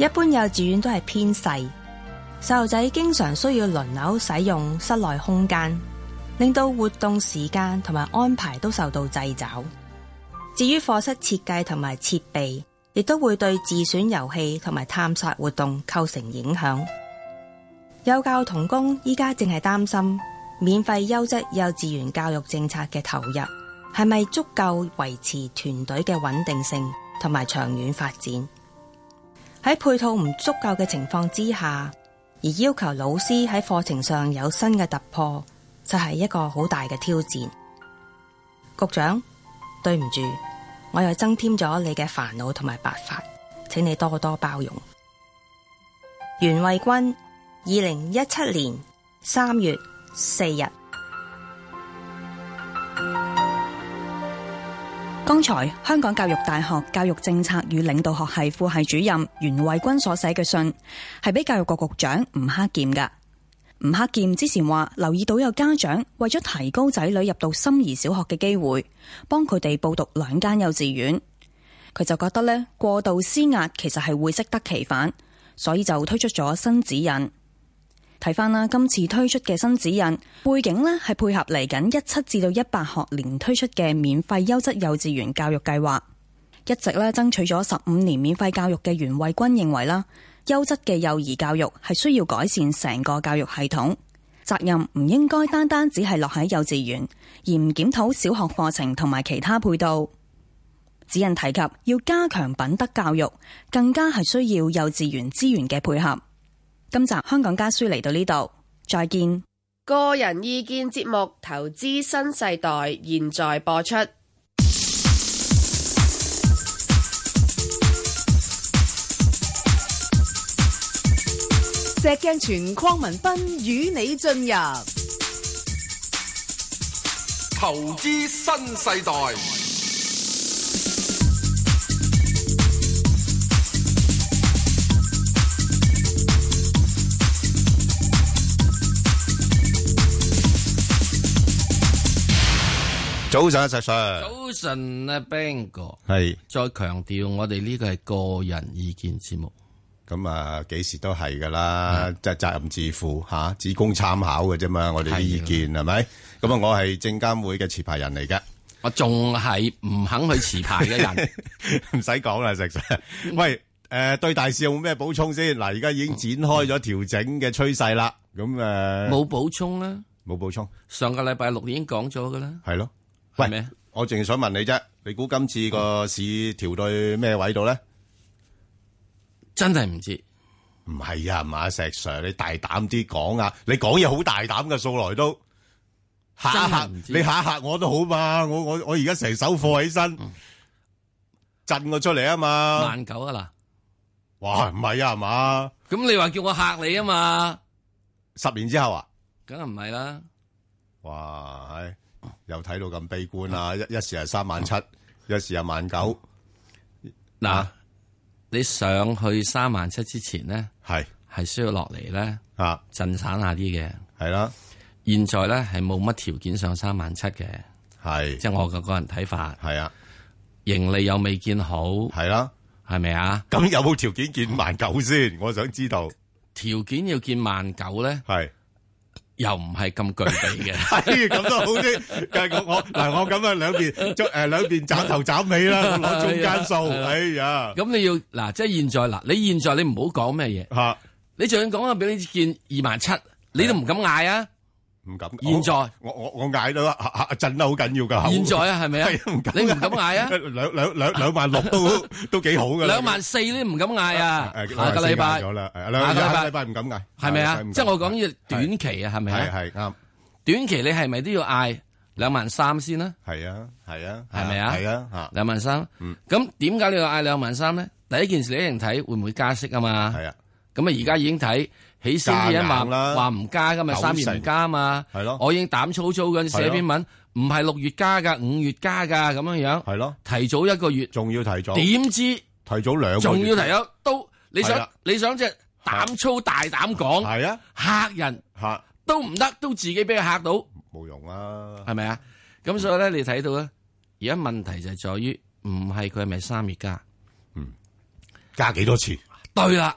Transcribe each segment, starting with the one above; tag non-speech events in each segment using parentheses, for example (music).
一般幼稚園都係偏細，細路仔經常需要輪流使用室內空間，令到活動時間同埋安排都受到掣肘。至於課室設計同埋設備，亦都會對自選遊戲同埋探索活動構成影響。幼教同工依家淨係擔心免費優質幼稚園教育政策嘅投入，係咪足夠維持團隊嘅穩定性同埋長遠發展？喺配套唔足夠嘅情況之下，而要求老師喺課程上有新嘅突破，就係一個好大嘅挑戰。局長，對唔住，我又增添咗你嘅煩惱同埋白髮，請你多多包容。袁慧君，二零一七年三月四日。剛才香港教育大學教育政策與領導學系副系主任袁慧君所寫嘅信，係俾教育局局長吳克儉噶。吳克儉之前話留意到有家長為咗提高仔女入到心儀小學嘅機會，幫佢哋報讀兩間幼稚園，佢就覺得呢過度施壓其實係會適得其反，所以就推出咗新指引。睇翻啦，今次推出嘅新指引背景呢，係配合嚟緊一七至到一八學年推出嘅免費優質幼稚園教育計劃。一直咧爭取咗十五年免費教育嘅袁慧君認為啦，優質嘅幼兒教育係需要改善成個教育系統，責任唔應該單單只係落喺幼稚園，而唔檢討小學課程同埋其他配套。指引提及要加強品德教育，更加係需要幼稚園資源嘅配合。今集《香港家書》嚟到呢度，再見。個人意見節目《投資新世代》現在播出。石鏡泉、鄺民彬與你進入《投資新世代》。早晨，石 Sir。早晨啊 Ben 哥。係。再強調，我哋呢個係個人意見節目。咁啊，幾時都係噶啦，即係責任自負吓，只供參考嘅啫嘛。我哋啲意見係咪？咁啊，我係證監會嘅持牌人嚟嘅。我仲係唔肯去持牌嘅人，唔使講啦，石 Sir。喂，誒，對大市有冇咩補充先？嗱，而家已經展開咗調整嘅趨勢啦。咁誒。冇補充啦。冇補充。上個禮拜六已經講咗噶啦。係咯。喂，我淨係想問你啫，你估今次個市調對咩位度咧？真係唔知。唔係呀嘛，石 Sir，你大膽啲講啊！你講嘢好大膽嘅，素來都吓一吓你吓一吓我都好嘛！我我我而家成手貨起身震我出嚟啊嘛！萬九啊嗱，哇唔係呀嘛！咁你話叫我吓你啊嘛？十年之後啊？梗係唔係啦！哇！又睇到咁悲觀啊！一一時係三萬七，一時係萬九。嗱，你上去三萬七之前咧，係係需要落嚟咧啊，震散下啲嘅係啦。現在咧係冇乜條件上三萬七嘅，係即係我個個人睇法。係啊，盈利又未見好，係啦，係咪啊？咁有冇條件見萬九先？我想知道條件要見萬九咧，係。又唔係咁具備嘅，係咁都好啲。咁 (laughs) 我嗱我咁啊兩邊誒兩邊斬頭斬尾啦，攞中間數。 (laughs) 哎呀，咁你要嗱，即係現在嗱，你現在你唔好講咩嘢，的你仲要講的啊，俾你見二萬七，你都唔敢嗌啊！唔敢。現在我我我嗌到，震得好緊要噶。現在啊，係咪啊？你唔敢嗌啊？兩兩兩兩萬六都都幾好噶。兩萬四你唔敢嗌啊！下個禮拜好啦，下個禮拜唔敢嗌，係咪啊？即係我講要短期啊，係咪啊？係係啱。短期你係咪都要嗌兩萬三先啦？係啊係啊，係咪啊？係啊吓，兩萬三。嗯，咁點解你要嗌兩萬三咧？第一件事你一定睇會唔會加息啊嘛？係啊。咁啊，而家已經睇。起先啲人話話唔加㗎嘛，三月唔加啊嘛，係咯。我已經膽粗粗嘅寫篇文，唔係六月加噶，五月加噶咁樣樣，係咯。提早一個月，仲要提早，點知提早兩個月，仲要提早都你想你想只膽粗大膽講，係啊吓人吓，都唔得，都自己俾佢吓到，冇用啦，係咪啊？咁所以咧，你睇到咧，而家問題就係在於，唔係佢係咪三月加，嗯，加幾多次？對啦，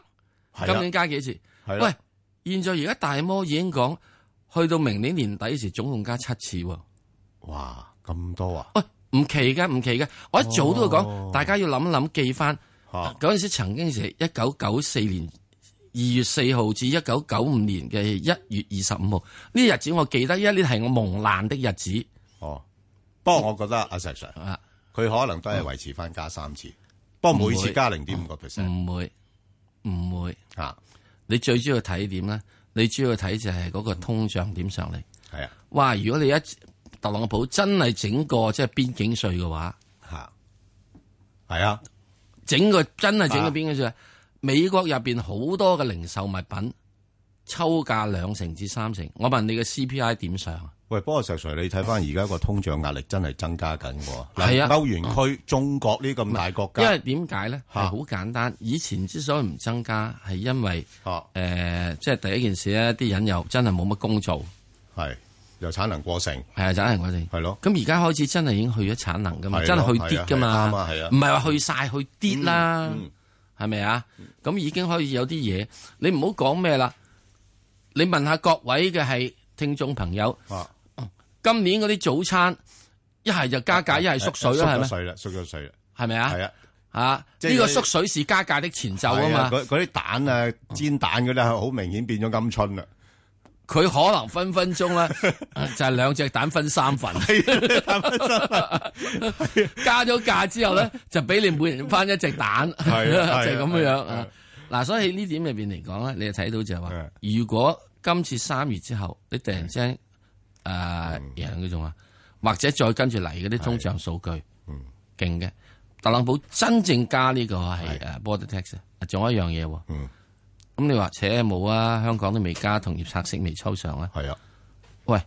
今年加幾次？係喂，現在而家大摩已經講，去到明年年底時總共加七次。哇咁多啊！喂，唔奇噶，唔奇噶，我一早都講，哦、大家要諗諗記翻，嗰陣時曾經係一九九四年二月四號至一九九五年嘅一月二十五號呢日子，我記得，因為係我蒙難的日子。哦、啊，不過我覺得阿石 Sir 啊佢可能都係維持翻加三次，不過，嗯、每次加零點五個 percent，唔會唔會吓。嗯嗯嗯嗯嗯嗯嗯你最主要睇點咧？你主要睇就係個通脹點上嚟。係啊，哇！如果你一特朗普真係整個即係邊境稅嘅話吓。係啊，啊，整個真係整個邊境稅，啊、美國入邊好多嘅零售物品抽價兩成至三成，我問你嘅 CPI 點上？喂，石 Sir、石 Sir 你睇翻而家個通脹壓力真係增加緊喎。係啊，歐元區、中國呢咁大國家，因為點解咧？係好簡單，以前之所以唔增加，係因為誒，即係第一件事咧，啲人又真係冇乜工做，係又產能過剩，係啊，產能過剩，係咯。咁而家開始真係已經去咗產能噶嘛，真係去跌噶嘛，唔係話去晒去跌啦，係咪啊？咁已經開始有啲嘢，你唔好講咩啦。你問下各位嘅係聽眾朋友。今年嗰啲早餐，一係就加價，一係縮水啦，係咪？縮咗水啦，縮咗水啦，係咪啊？係啊，吓呢個縮水是加價的前奏啊嘛。嗰啲蛋啊，煎蛋嗰啲係好明顯變咗鵪鶉啦。佢可能分分鐘咧就係兩隻蛋分三份，加咗價之後咧就俾你每人翻一隻蛋，係啦，就咁樣樣。嗱，所以呢點入邊嚟講咧，你睇到就係話，如果今次三月之後你突然之間，誒，人種啊，或者再跟住嚟嗰啲通脹數據，勁嘅、嗯。特朗普真正加呢個係誒，Border Text，仲的有一樣嘢。咁、嗯、你話扯冇啊，香港都未加，同業拆息未抽上啊。係啊的，喂，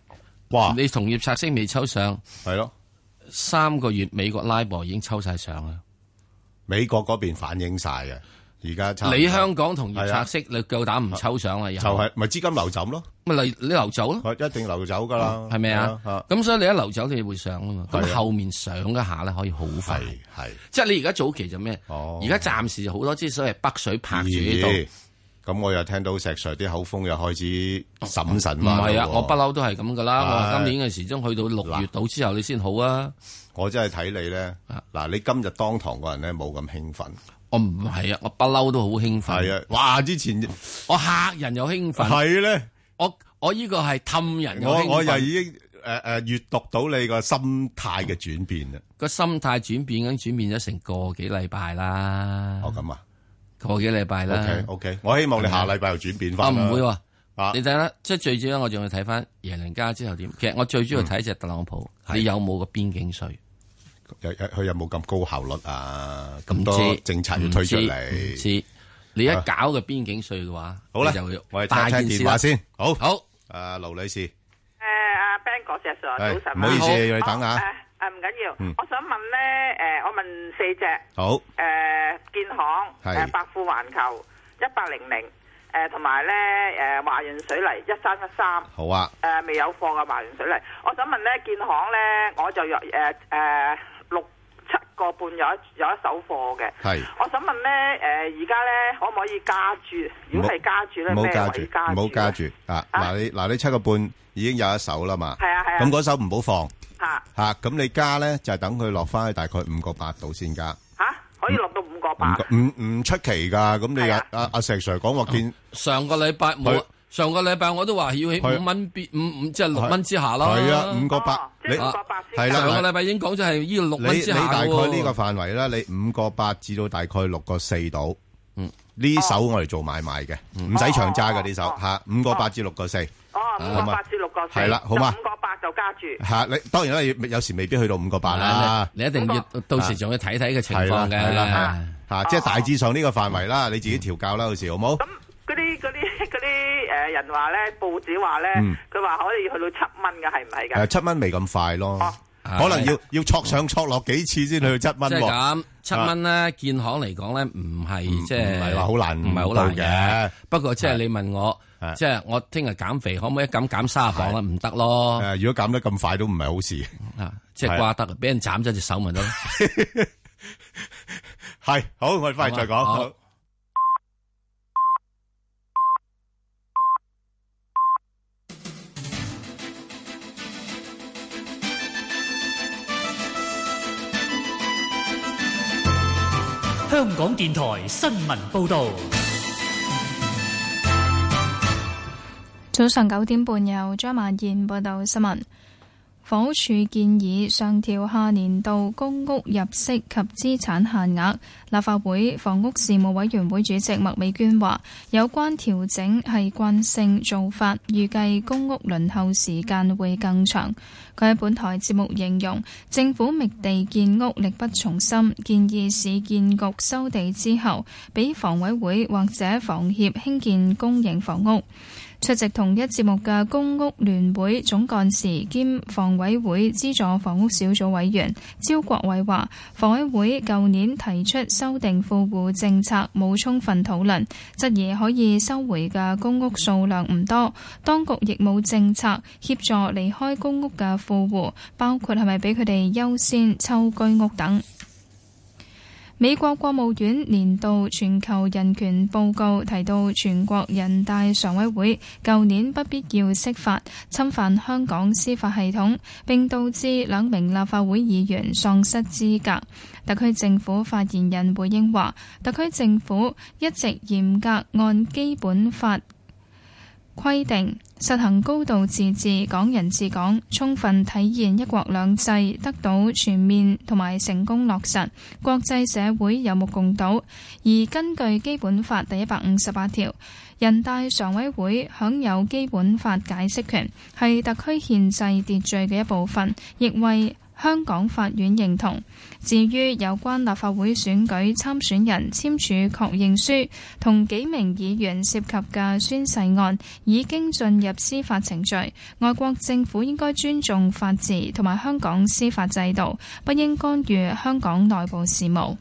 哇，你同業拆息未抽上？係咯的，三個月美國 LIBOR 已經抽晒上啦。美國嗰邊反映晒嘅。而家你香港同業拆息，你夠膽唔抽上啊？就係咪資金流走咯？咪嚟你流走咯？一定流走噶啦，係咪啊？咁所以你一流走，你會上啊嘛？咁後面上一下咧，可以好快。係即係你而家早期就咩？而家暫時好多，所謂北水泊住呢度。咁我又聽到石 Sir 啲口風又開始審慎啦。唔係啊，我不嬲都係咁噶啦。我話今年嘅時鐘去到六月度之後，你先好啊。我真係睇你咧。嗱，你今日當堂個人咧冇咁興奮。我唔係啊，我不嬲都好興奮。係啊，哇！之前我吓人又興奮。係咧的，我我呢個係氹人。我又已經誒誒閱讀到你心態心態個心態嘅轉變啦。個心態轉變已經轉變咗成個幾禮拜啦。哦，咁啊，個幾禮拜啦。Okay, OK 我希望你下禮拜又轉變翻啦。唔的、啊、會、啊，啊、你睇啦。即係最主要，我仲要睇翻耶倫家之後點。其實我最主要睇隻特朗普，嗯、你有冇個邊境稅？有有佢有冇咁高效率啊？咁多政策要推出嚟，你一搞個邊境稅嘅話，好啦，我哋聽聽電話先。好，好，阿劉女士，誒，阿 Ben 哥隻數，早晨，唔好意思，要你等下。誒，唔緊要，我想問咧，誒，我問四隻，好，誒，建行，係，百富環球，一八零零，誒，同埋咧，誒，華潤水泥，一三一三，好啊，誒，未有貨嘅華潤水泥，我想問咧，建行咧，我就約，誒，誒。七個半有一有一手貨嘅，係，我想問咧，誒，而家咧可唔可以加注？如果係加注咧咩？唔好加注，唔好加注。啊，嗱你嗱你七個半已經有一手啦嘛，係啊係啊。咁嗰手唔好放，吓吓，咁你加咧就係等佢落翻去大概五個八度先加。吓，可以落到五個八。五五唔唔出奇噶，咁你阿阿石 Sir 講話見上個禮拜冇。上個禮拜我都話要起五蚊，五五即係六蚊之下咯。係啊，五個八，你係啦。上個禮拜已經講咗係呢個六蚊之下咯。你你大概呢個範圍啦，你五個八至到大概六個四度。嗯，呢手我哋做買賣嘅，唔使長揸噶呢手吓，五個八至六個四。哦，五個八至六個四。係啦，好嘛。五個八就加住。吓，你當然啦，有時未必去到五個八啦。啊，你一定要到時仲要睇睇個情況嘅。係啦，係啦，吓，即係大致上呢個範圍啦，你自己調教啦，到時好唔好？嗰啲嗰啲嗰啲誒人話咧，報紙話咧，佢話可以去到七蚊嘅，係唔係噶？誒，七蚊未咁快咯，可能要要戳上戳落幾次先去到七蚊。即係咁，七蚊咧，建行嚟講咧，唔係即係唔係話好難，唔係好難嘅。不過即係你問我，即係我聽日減肥可唔可以減減三十磅咧？唔得咯。誒，如果減得咁快都唔係好事。啊，即係瓜得，俾人斬咗隻手咪得咯。係好，我哋翻嚟再講。香港電台新聞報道。早上九點半有，由張曼燕報道新聞。房署建議上調下年度公屋入息及資產限額。立法會房屋事務委員會主席麥美娟話：有關調整係慣性做法，預計公屋輪候時間會更長。佢喺本台節目形容，政府覓地建屋力不從心，建議市建局收地之後，俾房委會或者房協興建公營房屋。出席同一節目嘅公屋聯會總幹事兼房委會資助房屋小組委員招國偉話，房委會舊年提出修訂富戶政策，冇充分討論，質疑可以收回嘅公屋數量唔多。當局亦冇政策協助離開公屋嘅富戶，包括係咪俾佢哋優先抽居屋等。美國國務院年度全球人權報告提到，全國人大常委會舊年不必要釋法侵犯香港司法系統，並導致兩名立法會議員喪失資格。特區政府發言人回應話，特區政府一直嚴格按基本法規定，實行高度自治，港人治港，充分體現一國兩制，得到全面同埋成功落實，國際社會有目共睹。而根據《基本法》第一百五十八條，人大常委會享有《基本法》解釋權，係特區憲制秩序嘅一部分，亦為香港法院認同。至於有關立法會選舉參選人簽署確認書同幾名議員涉及嘅宣誓案，已經進入司法程序。外國政府應該尊重法治同埋香港司法制度，不應干預香港內部事務。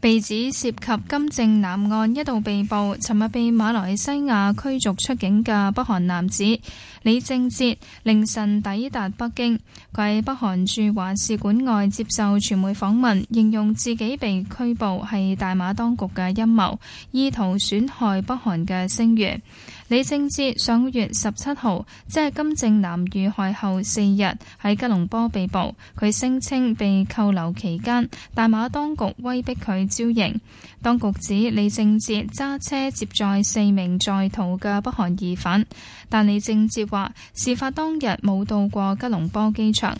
被指涉及金正南案一度被捕，尋日被馬來西亞驅逐出境嘅北韓男子李正哲凌晨抵達北京，佢喺北韓駐華使館外接受傳媒訪問，形容自己被拘捕係大馬當局嘅陰謀，意圖損害北韓嘅聲譽。李正哲上個月十七號，即係金正男遇害後四日，喺吉隆坡被捕。佢聲稱被扣留期間，大馬當局威逼佢招認。當局指李正哲揸車接載四名在逃嘅北韓疑犯，但李正哲話事發當日冇到過吉隆坡機場。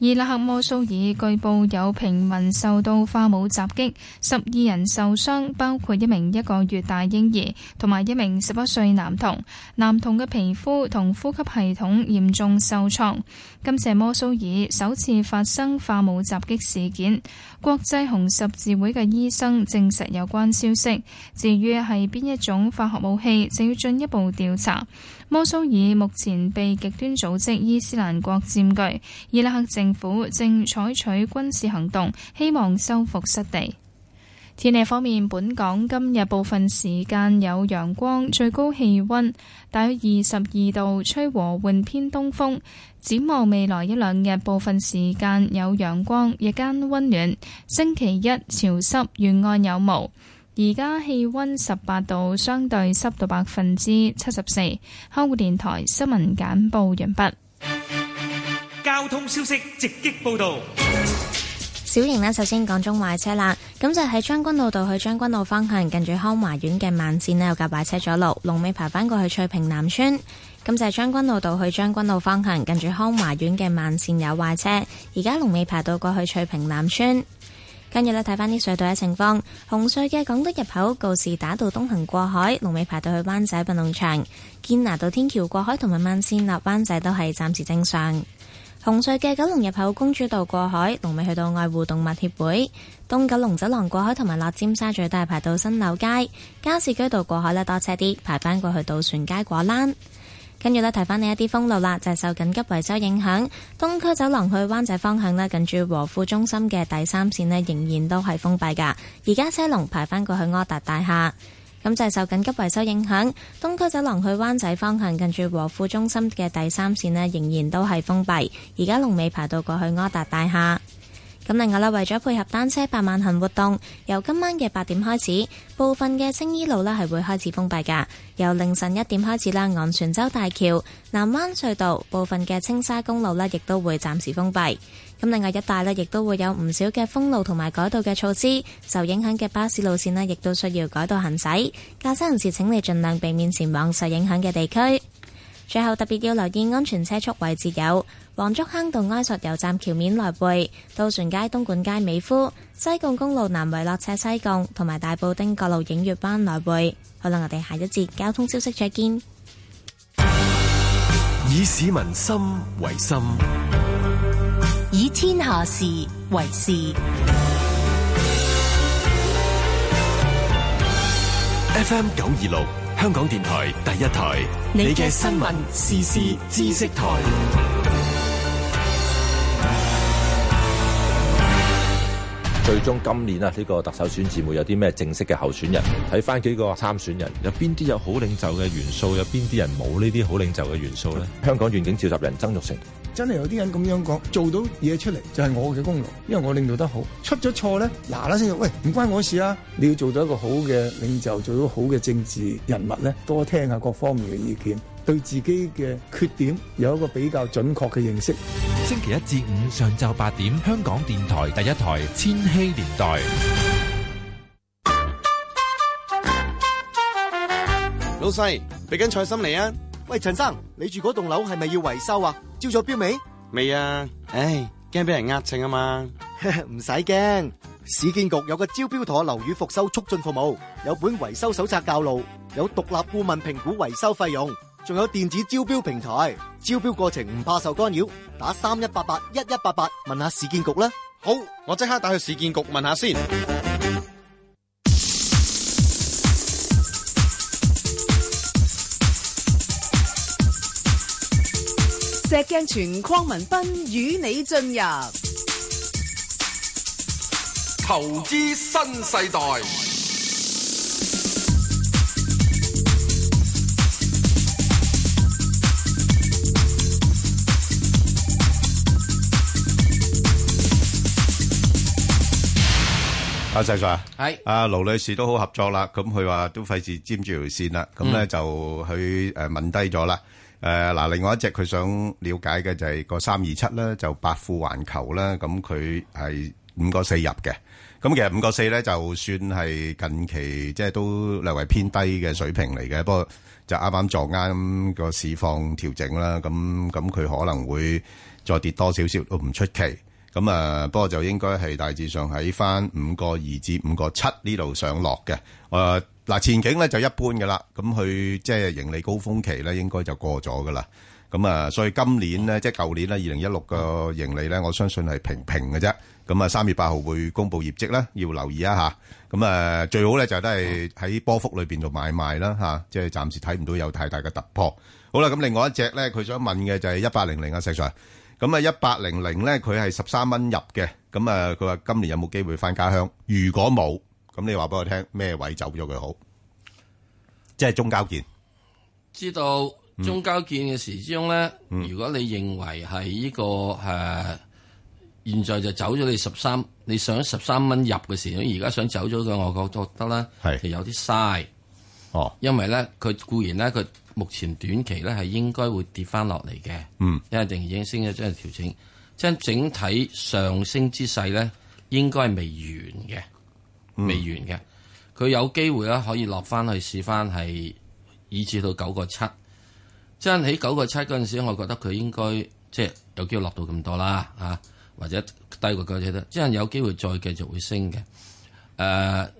伊拉克摩蘇爾據報有平民受到化武襲擊，十二人受傷，包括一名一個月大嬰兒同埋一名十一歲男童，男童嘅皮膚同呼吸系統嚴重受創。今次係摩蘇爾首次發生化武襲擊事件，國際紅十字會嘅醫生證，證實有關消息。至於係邊一種化學武器，就要進一步調查。摩蘇爾目前被極端組織伊斯蘭國佔據，伊拉克政府正採取軍事行動，希望收復失地。天氣方面，本港今日部分時間有陽光，最高氣温大約二十二度，吹和緩偏東風。展望未來一兩日，部分時間有陽光，日間温暖。星期一潮濕，沿岸有霧。而家氣温十八度，相對濕度百分之七十四。香港電台新聞簡報完畢。筆交通消息直擊報道。小瑩呢，首先講中壞車啦。咁就喺將軍澳道去將軍澳方向，近住康華苑嘅慢線呢有架壞車阻路，龍尾排返過去，去翠屏南村。咁就係將軍澳道去將軍澳方向，近住康華苑嘅慢線有壞車，而家龍尾排到過去，去翠屏南村。跟住呢，睇翻啲隧道嘅情況，紅隧嘅港督入口告士打道東行過海龍尾排到去灣仔運動場堅拿道天橋過海同埋慢線落灣仔都係暫時正常。紅隧嘅九龍入口公主道過海龍尾去到愛護動物協會東九龍走廊過海同埋落尖沙咀都係排到新樓街，加士居道過海呢，多車啲排返過去渡船街果欄。跟住咧，提翻你一啲封路啦，就係受緊急維修影響，東區走廊去灣仔方向呢，近住和富中心嘅第三線呢，仍然都係封閉噶。而家車龍排翻過去柯達大廈，咁就係受緊急維修影響，東區走廊去灣仔方向近住和富中心嘅第三線呢，仍然都係封閉。而家龍尾排到過去柯達大廈。咁另外啦，為咗配合單車百萬行活動，由今晚嘅八點開始，部分嘅青衣路呢係會開始封閉噶。由凌晨一點開始啦，昂船洲大橋、南灣隧道部分嘅青沙公路呢亦都會暫時封閉。咁另外一帶呢亦都會有唔少嘅封路同埋改道嘅措施。受影響嘅巴士路線呢亦都需要改道行駛。駕駛人士請你盡量避免前往受影響嘅地區。最後特別要留意安全，車速位置有。黃竹坑道埃索油站橋面來回、渡船街東莞街、美孚、西貢公路、南圍落車西貢同埋大埔丁各路影月班來回。好啦，我哋下一節交通消息再見。以市民心為心，以天下事為事。FM 九二六，香港電台第一台，你嘅新聞時事知識台。最終今年啊，呢個特首選戰會有啲咩正式嘅候選人？睇翻幾個參選人，有邊啲有好領袖嘅元素，有邊啲人冇呢啲好領袖嘅元素咧？香港願景召集人曾鈺成，真係有啲人咁樣講，做到嘢出嚟就係我嘅功勞，因為我領導得好。出咗錯咧，嗱嗱聲喂，唔關我事啊！你要做到一個好嘅領袖，做到好嘅政治人物咧，多聽下各方面嘅意見。對自己嘅缺點有一個比較準確嘅認識。星期一至五上晝八點，香港電台第一台《千禧年代》。老細，俾緊菜心嚟啊！喂，陳生，你住嗰棟樓係咪要維修啊？招咗標未？未啊！唉，驚俾人呃秤啊嘛。唔使驚，市建局有個招標妥樓宇復修促進服務，有本維修手冊教路，有獨立顧問評估維修費用。仲有電子招標平台，招標過程唔怕受干擾，打三一八八一一八八問下市建局啦。好，我即刻打去市建局問下先。石鏡泉鄺民彬與你進入投資新世代。阿細 Sir，係阿盧女士都好合作啦。咁佢話都費事佔住條線啦。咁咧就去誒，問低咗啦。誒，嗱，另外一隻佢想了解嘅就係個三二七咧，就百富環球啦。咁佢係五個四入嘅。咁其實五個四咧，就算係近期即係都略為偏低嘅水平嚟嘅。不過就啱啱撞啱個市況調整啦。咁咁佢可能會再跌多少少都唔出奇。咁啊、嗯，不過就應該係大致上喺返五個二至五個七呢度上落嘅。誒、呃、嗱，前景咧就一般嘅啦。咁、嗯、佢即係盈利高峰期咧，應該就過咗嘅啦。咁、嗯、啊，所以今年咧，嗯、即係舊年咧，二零一六個盈利咧，我相信係平平嘅啫。咁、嗯、啊，三月八號會公布業績啦，要留意啊嚇。咁、嗯、啊，最好咧就都係喺波幅裏邊度買賣啦吓、啊，即係暫時睇唔到有太大嘅突破。好啦，咁另外一隻咧，佢想問嘅就係一八零零啊，石 Sir。咁啊，一八零零咧，佢係十三蚊入嘅。咁啊，佢話今年有冇機會翻家鄉？如果冇，咁你話俾我聽咩位走咗佢好？即係中交建。知道中交建嘅時之中咧，嗯、如果你認為係呢、這個誒、啊，現在就走咗你十三，你想十三蚊入嘅時候，而家想走咗嘅，我覺覺得咧係是有啲嘥。哦，因為咧，佢固然咧，佢。目前短期咧係應該會跌翻落嚟嘅，嗯、因為定已經升咗將嚟調整，將整體上升之勢咧應該係未完嘅，嗯、未完嘅。佢有機會啦，可以落翻去試翻係以至到九個七。將喺九個七嗰陣時，我覺得佢應該即係、就是、有機會落到咁多啦，啊或者低過九個七，即係有機會再繼續會升嘅。誒、呃。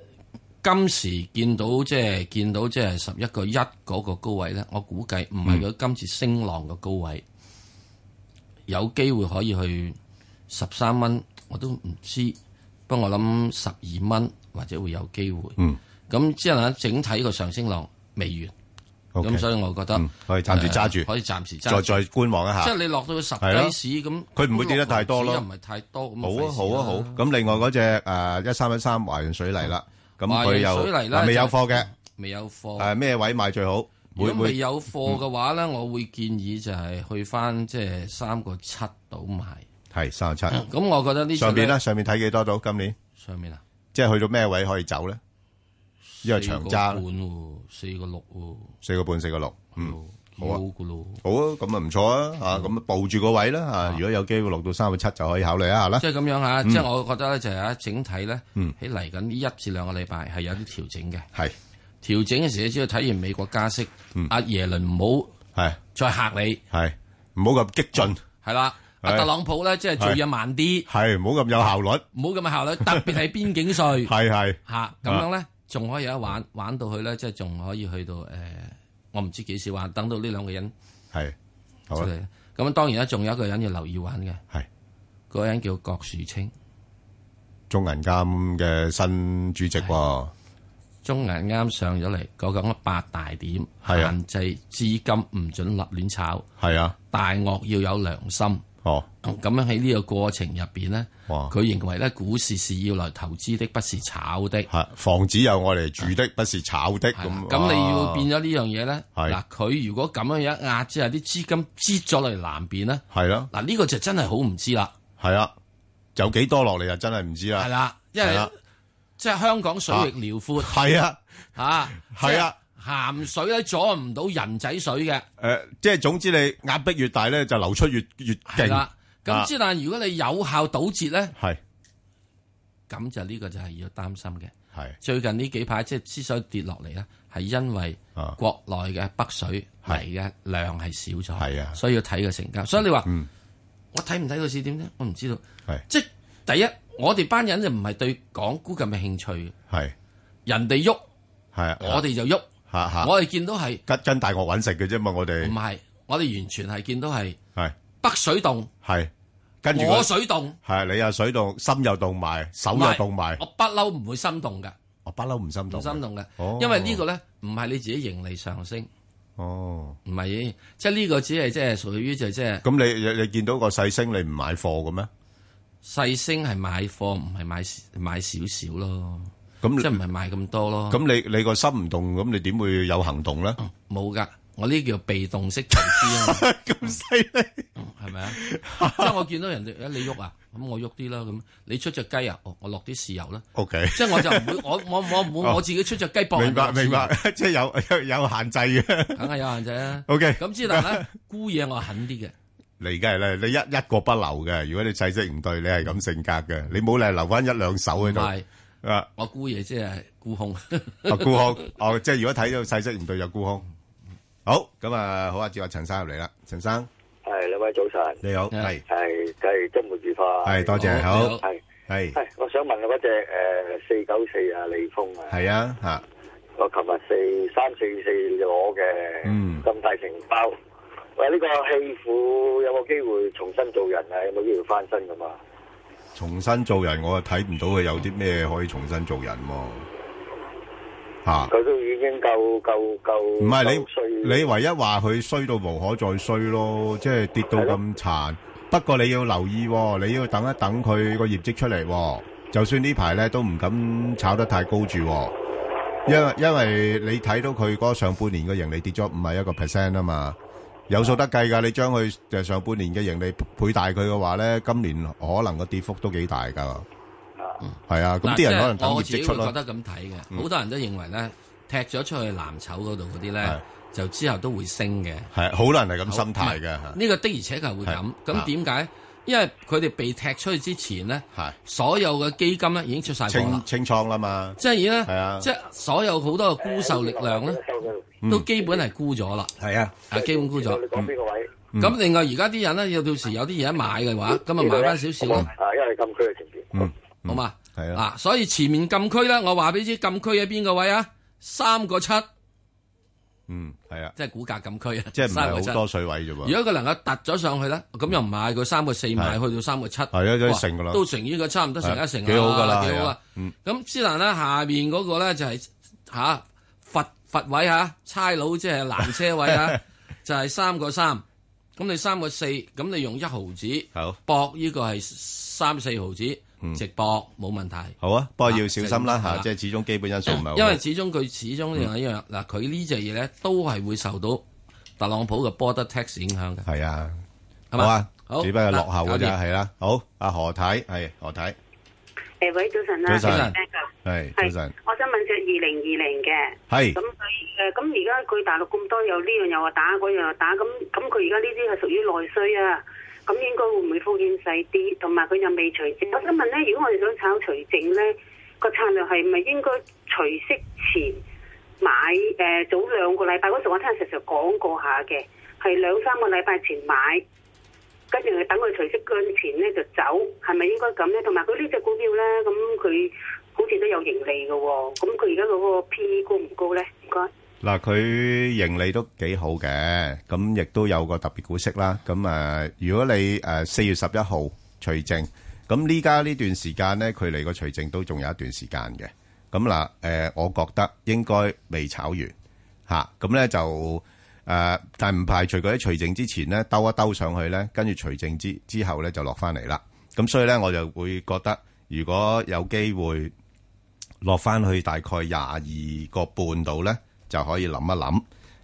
今時見到即係見到即係十一個一嗰個高位咧，我估計唔係，如果今次升浪嘅高位，有機會可以去十三蚊，我都唔知。不過我諗十二蚊或者會有機會。嗯，咁之後呢整體個上升浪未完，咁 Okay, 所以我覺得可以暫時揸住，可以暫時、呃、以暫時揸住再再觀望一下。即係你落到十幾市咁，佢唔、啊、樣會跌得太多咯。市唔係太多，好啊好啊好啊。咁、啊、另外嗰隻誒一三一三華潤水泥啦。買水嚟啦，未有貨嘅，未有貨。誒，咩位賣最好？如果未有貨嘅話咧，我會建議就係去翻即係三個七度賣。係三個七。咁我覺得呢上面啦，上面睇幾多度？今年上面啊，即係去到咩位可以走咧？因為長揸，四個六，四個半，四個六。嗯。好啊，好啊，咁啊唔錯啊，吓咁啊抱住個位啦，吓如果有機會落到三萬七就可以考慮一下啦。即係咁樣吓，即係我覺得咧就係啊整體咧喺嚟緊呢一至兩個禮拜係有啲調整嘅。係調整嘅時，你只要睇完美國加息，阿耶倫唔好係再吓你，係唔好咁激進。係啦，阿特朗普咧即係做嘢慢啲，係唔好咁有效率，唔好咁嘅效率，特別係邊境稅，系係吓咁樣咧，仲可以有一玩玩到去咧，即係仲可以去到誒。我唔知幾時話，等到呢兩個人係好啦。咁啊，當然啦，仲有一個人要留意玩嘅，係嗰的個人叫郭樹清，中銀監嘅新主席，哦。中銀監上咗嚟，嗰咁八大點的限制資金，唔准立亂炒。係啊的，大鱷要有良心。哦，咁樣喺呢個過程入邊咧，佢認為咧，股市是要嚟投資的，不是炒的。係，房子有我哋住的，不是炒的。咁咁你要變咗呢樣嘢咧？嗱，佢如果咁樣一壓之下啲資金擠咗嚟南邊咧，係咯？嗱，呢個就真係好唔知啦。係啊，有幾多落嚟啊？真係唔知啦。係啦，因為即係香港水域遼闊。係啊，吓，係啊。咸水咧阻唔到人仔水嘅，誒，即係總之你壓迫越大咧，就流出越越勁啦。咁之但如果你有效堵截咧，係，咁就呢個就係要擔心嘅。係最近呢幾排即係之所以跌落嚟啦，係因為國內嘅北水係嘅量係少咗，係啊，所以要睇個成交。所以你話，我睇唔睇到市點咧？我唔知道。係即係第一，我哋班人就唔係對港股咁嘅興趣，係人哋喐，係我哋就喐。吓吓！我哋見到係吉根大鱷揾食嘅啫嘛，我哋唔係，我哋完全係見到係係北水動，係跟住我、嗰個、水動，係你又水動，心又動埋，手又動埋。我不嬲唔會心動㗎，我不嬲唔心動，唔心動嘅，哦、因為個呢個咧唔係你自己盈利上升。哦，唔係，即係呢個只係即係屬於就即、是、係。咁你你見到個細升，你唔買貨嘅咩？細升係買貨，唔係買買少少咯。即係唔係賣咁多咯？咁你你個心唔動，咁你點會有行動咧？冇噶，我呢叫被動式投資啊！咁犀利係咪啊？即係我見到人哋誒，你喐啊，咁我喐啲啦。咁你出隻雞啊，哦，我落啲豉油啦。O K，即係我就唔會，我我我唔會，我自己出隻雞搏。明白明白，即係有有限制嘅，梗係有限制啦。O K，咁之啦，姑嘢我狠啲嘅嚟嘅，嚟你一一個不留嘅。如果你砌色唔對，你係咁性格嘅，你冇理由留翻一兩手喺度。我沽嘢即係沽空，啊 (laughs) 沽、哦、空哦，即係如果睇到勢色唔對，就沽空。好咁啊，好啊，接阿陳生入嚟啦，陳生係兩位早晨，你好，係係係周末愉快，係多謝，好係係係，我想問下嗰隻誒四九四啊利豐，啊，係啊吓，我琴日四三四四攞嘅，咁大成包，喂、這、呢個棄股有冇機會重新做人啊？有冇機會翻身噶嘛？重新做人，我又睇唔到佢有啲咩可以重新做人吓、啊，佢都已經夠夠夠，唔係你你，唯一話佢衰到無可再衰咯，即係跌到咁殘。的不過你要留意，你要等一等佢個業績出嚟。就算呢排咧都唔敢炒得太高住，因，因為因為你睇到佢嗰上半年個盈利跌咗五十一個 percent 啊嘛。有數得計㗎，你將佢就上半年嘅盈利倍大佢嘅話咧，今年可能個跌幅都幾大㗎。係、嗯、啊，咁啲人可能抗跌出咯。我自己會覺得咁睇嘅，好、嗯、多人都認為咧，踢咗出去藍籌嗰度嗰啲咧，嗯、就之後都會升嘅。係、啊，好多人係咁心態嘅。呢、嗯呢個的而且確會咁。咁點解？因為佢哋被踢出去之前咧，係所有嘅基金咧已經出晒貨清清倉啦嘛，即係而家，即係所有好多嘅沽售力量咧，都基本係沽咗啦。係啊，啊基本沽咗。邊個位？咁另外而家啲人咧，有到時有啲嘢買嘅話，咁啊買翻少少咯，啊，因為禁區嘅前面，好嘛？係啊。所以前面禁區咧，我話俾你知，禁區喺邊個位啊？三個七。嗯，係啊，即係股價咁區啊，即係唔係好多水位啫嘛。如果佢能夠突咗上去咧，咁又唔係，佢三個四買去到三個七，係啊，都成呢啦，個差唔多成一成。幾好噶啦，幾好啦。咁之啦咧，下邊嗰個咧就係吓伏伏位吓差佬，即係攔車位啊，就係三個三，咁你三個四，咁你用一毫子好博呢個係三四毫子。直播冇問題，好啊，不過要小心啦吓，即係始終基本因素唔係因為始終佢始終有一樣嗱，佢呢隻嘢咧都係會受到特朗普嘅 border tax 影響嘅。係啊，好啊，只不過落後嗰隻係啦。好，阿何太係何太，誒，喂，早晨啦，早晨，早晨，我想問隻二零二零嘅，係，咁佢誒咁而家佢大陸咁多有呢樣又話打，嗰樣又打，咁咁佢而家呢啲係屬於內需啊？咁應該會唔會風險細啲？同埋佢又未除淨。我想問咧，如果我哋想炒除淨咧，個策略係咪應該除息前買？誒、呃、早兩個禮拜嗰陣時我聽阿石石講過下嘅，係兩三個禮拜前買，跟住佢等佢除息嗰陣前咧就走，係咪應該咁咧？同埋佢呢隻股票咧，咁佢好似都有盈利嘅喎、哦，咁佢而家嗰個 P 高唔高咧？唔該。嗱，佢盈利都幾好嘅，咁亦都有個特別股息啦。咁誒，如果你誒四月十一號除正，咁呢家呢段時間呢，佢嚟個除正都仲有一段時間嘅。咁嗱，誒，我覺得應該未炒完嚇。咁咧就誒，但唔排除佢喺除正之前咧兜一兜上去呢，跟住除正之之後呢就落翻嚟啦。咁所以呢，我就會覺得如果有機會落翻去大概廿二個半度呢。就可以諗一諗，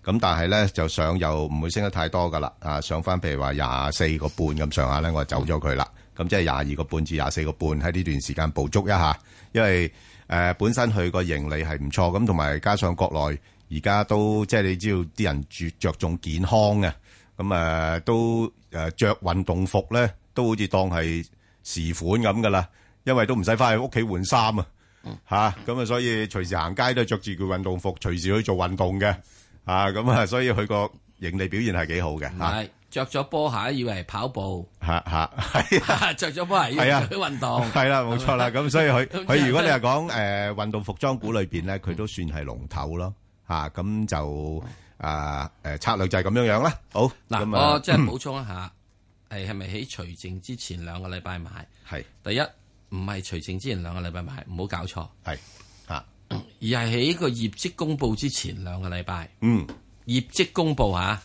咁但係咧就上又唔會升得太多噶啦，啊上翻譬如話廿四個半咁上下咧，我就走咗佢啦。咁即係廿二個半至廿四個半喺呢段時間捕捉一下，因為誒、呃、本身佢個盈利係唔錯，咁同埋加上國內而家都即係你知道啲人著著重健康嘅，咁誒、呃、都誒著、呃、運動服咧都好似當係時款咁噶啦，因為都唔使翻去屋企換衫啊。吓咁啊！所以隨時行街都着住件運動服，隨時去做運動嘅。啊咁啊！所以佢個盈利表現係幾好嘅。係着咗波鞋，以為跑步吓吓，係着咗波鞋，以為運動係啦，冇錯啦。咁所以佢佢如果你係講誒運動服裝股裏邊咧，佢都算係龍頭咯。吓咁就啊誒策略就係咁樣樣啦。好嗱，我即係補充一下，誒係咪喺除證之前兩個禮拜買？係第一。唔係隨剩之前兩個禮拜買，唔好搞錯，係嚇，啊、而係喺個業績公佈之前兩個禮拜。嗯業、啊，業績公佈嚇，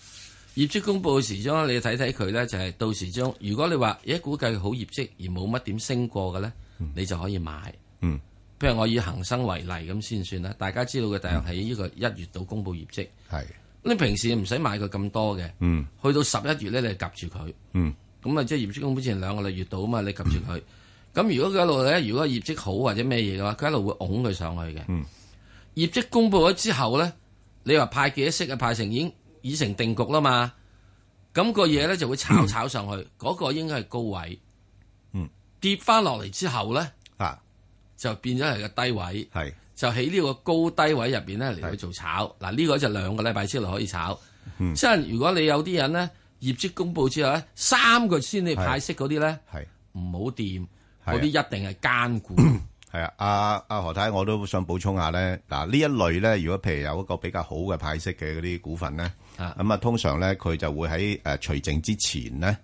業績公佈嘅時候，你睇睇佢咧，就係、是、到時鐘。如果你話一估計好業績而冇乜點升過嘅咧，嗯、你就可以買。嗯，譬如我以恒生為例咁先算啦。大家知道嘅，大約喺呢個一月度公佈業績，係是你平時唔使買佢咁多嘅。嗯，去到十一月咧，你就夾住佢。嗯，咁啊、嗯，即係業績公佈之前兩個禮月度啊嘛，你夾住佢。嗯嗯咁如果佢一路咧，如果業績好或者咩嘢嘅話，佢一路會拱佢上去嘅。業績公布咗之後咧，你話派幾多息啊？派成已經已成定局啦嘛。咁個嘢咧就會炒炒上去，嗰個應該係高位。嗯，跌翻落嚟之後咧，啊，就變咗係個低位。係就喺呢個高低位入邊咧嚟去做炒嗱。呢個就兩個禮拜之內可以炒。即係，如果你有啲人咧業績公布之後咧三個先至派息嗰啲咧，係唔好掂。嗰啲一定係堅固。係啊，阿阿何太，我都想補充下咧。嗱，呢一類咧，如果譬如有一個比較好嘅派息嘅嗰啲股份咧，咁啊，通常咧佢就會喺誒除淨之前咧，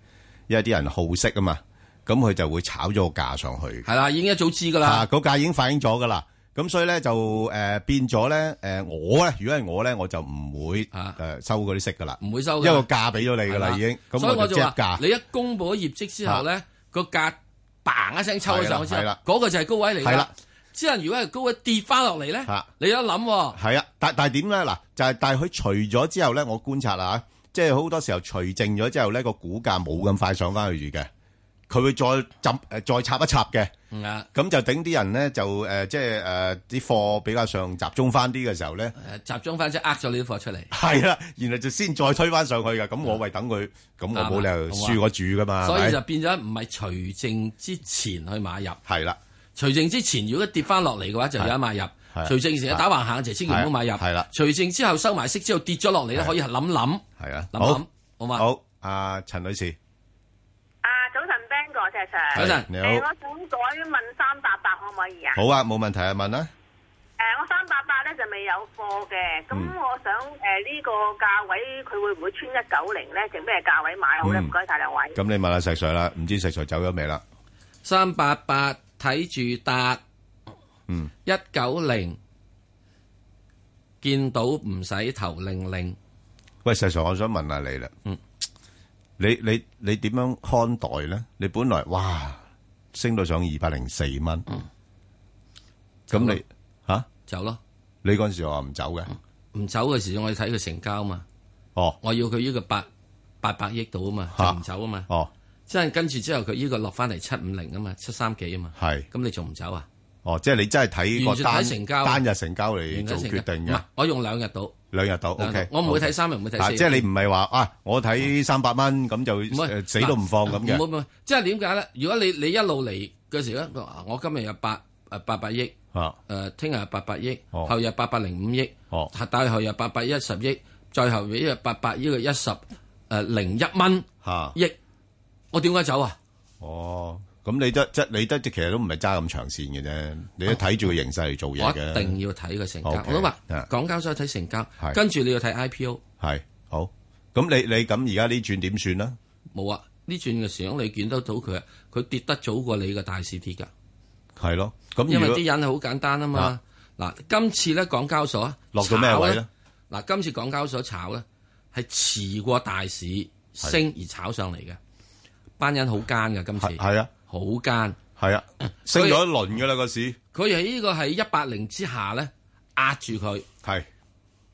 因為啲人好息啊嘛，咁佢就會炒咗個價上去。係啦，已經一早知噶啦，個價已經反映咗噶啦。咁所以咧就誒變咗咧，誒我咧，如果係我咧，我就唔會誒收嗰啲息噶啦，唔會收，因為一個價俾咗你噶啦，已經。咁所以我就你一公布咗業績之後咧，個價。嘭一聲抽咗上去之後，嗰了個就係高位嚟啦。之後如果係高位跌翻落嚟咧，你一諗係啊，但但係點咧嗱？就係但係佢除咗之後咧，我觀察啦吓，即係好多時候除淨咗之後咧，個股價冇咁快上翻去住嘅。佢會再集誒再插一插嘅，咁就等啲人咧就誒即係誒啲貨比較上集中翻啲嘅時候咧，集中翻即係呃咗呢啲貨出嚟，係啦，然後就先再推翻上去噶，咁我為等佢，咁我冇理由輸我住噶嘛，所以就變咗唔係除淨之前去買入，係啦，除淨之前如果跌翻落嚟嘅話就有一買入，除淨時打橫行，就千祈唔好買入，係啦，除淨之後收埋息之後跌咗落嚟咧可以諗諗，係啊，諗諗好嘛？好阿陳女士。在石 Sir，你好，我想改問三八八可唔可以啊？好啊，冇問題啊，問啦。誒，我三八八咧就未有貨嘅，咁我想誒呢個價位佢會唔會穿一九零咧？定咩價位買好咧？唔該晒兩位。咁你問下石 Sir 啦，唔知石 Sir 走咗未啦？三八八睇住達，嗯，一九零見到唔使頭零零。喂，石 Sir，我想問下你啦，嗯。你你你點樣看待咧？你本來哇升到上二百零四蚊，咁、嗯、你吓、啊、走咯？你嗰陣時話唔走嘅，唔、嗯、走嘅時我要睇佢成交嘛。哦，我要佢呢個八八百億度啊嘛，啊就唔走啊嘛。哦，即係跟住之後佢呢個落翻嚟七五零啊嘛，七三幾啊嘛。係，咁你仲唔走啊？哦，即係你真係睇個成交，單日成交嚟做決定嘅。唔係，我用兩日到，兩日到。O K，我唔會睇三日，唔會睇四。即係你唔係話啊，我睇三百蚊咁就死都唔放咁嘅。唔好唔好，即係點解咧？如果你你一路嚟嘅時候咧，我今日有八誒八百億，誒聽日八百億，後日八百零五億，下大後日八百一十億，最後尾又八百呢一十誒零一蚊吓億，我點解走啊？哦。咁你得即你得，即其實都唔係揸咁長線嘅啫。你都睇住個形勢嚟做嘢嘅，一定要睇個成交。好嘛？港交所睇成交，跟住你要睇 IPO 係好。咁你你咁而家呢轉點算咧？冇啊，呢轉嘅時候你見得到佢，啊，佢跌得早過你個大市跌㗎，係咯。咁因為啲人係好簡單啊嘛。嗱，今次咧港交所啊，落到咩位咧？嗱，今次港交所炒咧係遲過大市升而炒上嚟嘅班人好奸㗎。今次係啊。好奸，係啊，升咗一輪嘅啦個市。佢喺呢個係一百零之下咧，壓住佢，係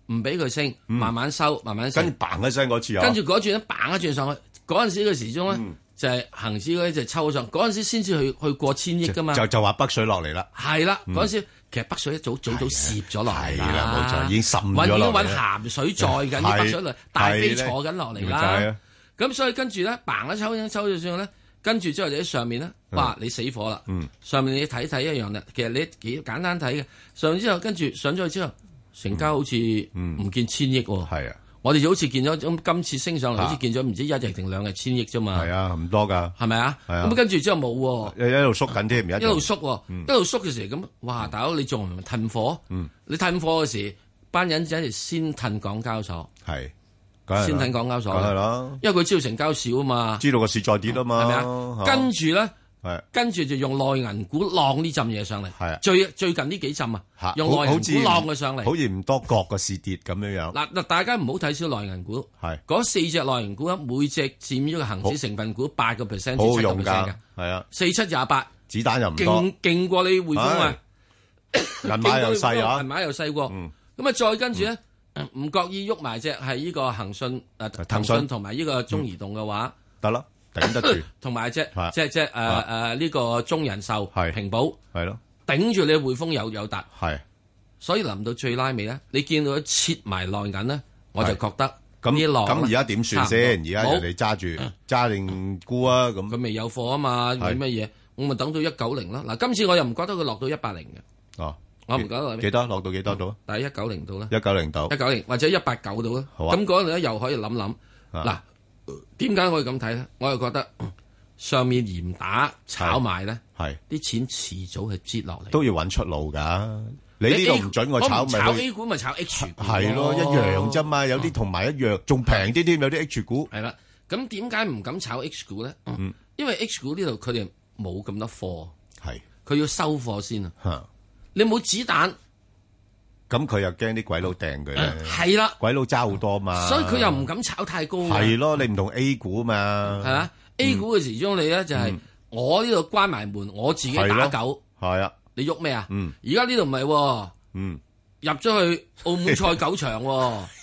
唔俾佢升，慢慢收，慢慢跟住嘣一聲嗰次啊，跟住嗰轉咧嘣一轉上去，嗰陣時個時鐘咧就係恒指嗰就抽上，嗰陣時先至去去過千億噶嘛，就就話北水落嚟啦，係啦，嗰陣時其實北水一早早早滲咗落嚟啦，冇錯，已經滲咗，搵要搵鹹水再緊嘅，北水嚟，大飛坐緊落嚟啦，咁所以跟住咧嘣一抽，已經抽咗上咧。跟住之後，喺上面咧，哇！你死火啦。上面你睇睇一樣啦，其實你幾簡單睇嘅。上之後跟住上咗去之後，成交好似唔見千億喎。係啊，我哋就好似見咗今次升上嚟，好似見咗唔知一日定兩日千億啫嘛。係啊，咁多噶，係咪啊？咁跟住之後冇喎，一路縮緊啲，一路縮，一路縮嘅時咁，哇！大佬你仲唔明褪火，你褪火嘅時，班人就係先褪港交所。係。先睇港交所，係咯，因為佢知道成交少啊嘛，知道個市再跌啊嘛。係咪啊？跟住咧，係跟住就用內銀股浪呢浸嘢，上嚟係最最近呢幾浸啊，用內銀股浪佢上嚟，好似唔多覺個市跌咁樣樣。嗱嗱，大家唔好睇少內銀股，係嗰四隻內銀股，每隻佔咗個恒指成分股八個 percent，好用嘅。係啊，四七廿八，子彈又唔多，勁勁過你匯豐啊，人馬又細啊，人馬又細過，咁啊，再跟住咧。唔覺意喐埋只係呢個恆訊誒，騰訊同埋呢個中移動嘅話得啦，頂得住。同埋只即係即係誒誒呢個中人壽係平保係咯，頂住你匯豐有有達係，所以臨到最拉尾咧，你見到佢切埋落緊咧，我就覺得呢落。咁而家點算先？而家人哋揸住揸定沽啊？咁佢未有貨啊嘛？點乜嘢？我咪等到一九零啦。嗱，今次我又唔覺得佢落到一八零嘅。哦。我唔搞，幾多落到幾多度啊？但係一九零度啦，一九零度，一九零或者一八九度啦。好啊，咁嗰度咧又可以諗諗。嗱，點解可以咁睇咧？我又覺得上面嚴打炒賣咧，係啲錢遲早係跌落嚟，都要揾出路噶。你呢度唔准我炒咪？我炒 A 股咪炒 H 股？係咯，一樣啫嘛。有啲同埋一樣，仲平啲添。有啲 H 股係啦。咁點解唔敢炒 H 股咧？因為 H 股呢度佢哋冇咁多貨，係佢要收貨先啊。你冇子彈、嗯，咁佢又驚啲鬼佬掟佢。係啦的，鬼佬揸好多嘛，所以佢又唔敢炒太高。係咯，你唔同 A 股啊嘛，係嘛？A 股嘅始終你咧就係、是、我呢度關埋門，嗯、我自己打狗。係啊的，你喐咩啊？嗯，而家呢度唔係，嗯，入咗去澳門賽狗場、哦。 (laughs)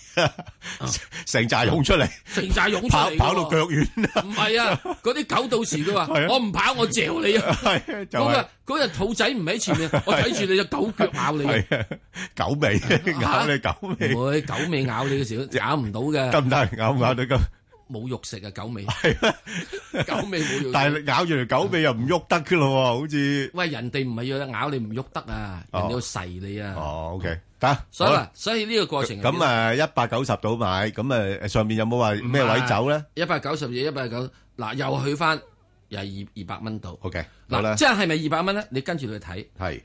成寨湧出嚟，成寨跑跑到腳軟。唔係啊，嗰啲狗到時佢話，我唔跑我嚼你啊。嗰日兔仔唔喺前面，我睇住你隻狗腳咬你，狗尾咬你狗尾，唔會，狗尾咬你嘅時候咬唔到嘅。咁大咬唔咬得咁？冇肉食啊，狗尾係，狗尾冇肉。但係咬住條狗尾又唔喐得噶咯，好似喂人哋唔係要咬你唔喐得啊，人哋要噬你啊。哦，OK，得。所以嗱，所以呢個過程咁啊，一百九十度買，咁啊上面有冇話咩位走咧？一百九十嘢一百九，嗱又去翻又係二二百蚊度。OK，嗱，即係係咪二百蚊咧？你跟住去睇。係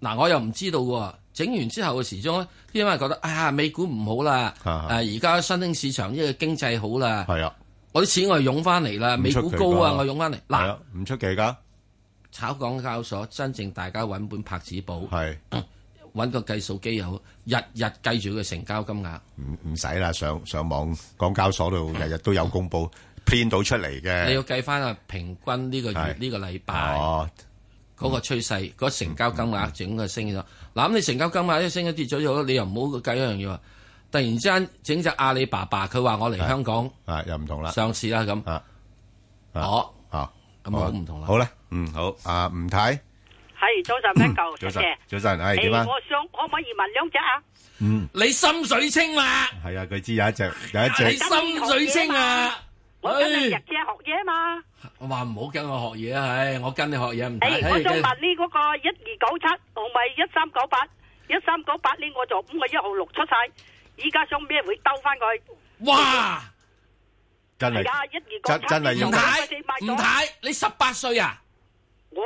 嗱，我又唔知道啊。整完之後嘅時鐘咧，因為覺得啊美股唔好啦，誒而家新興市場呢個經濟好啦，係啊，我啲錢我係湧翻嚟啦，美股高啊，我湧翻嚟，嗱唔出奇噶。炒港交所真正大家揾本拍紙簿，係揾個計數機又好，日日計住佢成交金額，唔唔使啦，上上網港交所度日日都有公佈，編到出嚟嘅，你要計翻啊平均呢個月呢個禮拜。嗰個趨勢，嗰成交金額整個升咗。嗱，咁你成交金額一升一跌咗咗，你又唔好計一樣嘢喎。突然之間整隻阿里爸爸，佢話我嚟香港啊，又唔同啦。上市啦咁，我啊咁好唔同啦。好咧，嗯好啊，吳太，係早晨一嚿，早晨早晨，係點啊？我想可唔可以問兩隻啊？嗯，你心水清啦。係啊，佢知有一隻有一隻你心水清啊。跟你日日學嘢啊嘛！我話唔好跟我學嘢啊！唉，我跟你學嘢唔得。我想問呢個一二九七同埋一三九八，一三九八呢？我就五個一號六出晒，依家想咩會兜翻佢？哇！真係啊！而家一二九七，真係唔睇，唔睇！你十八歲啊？我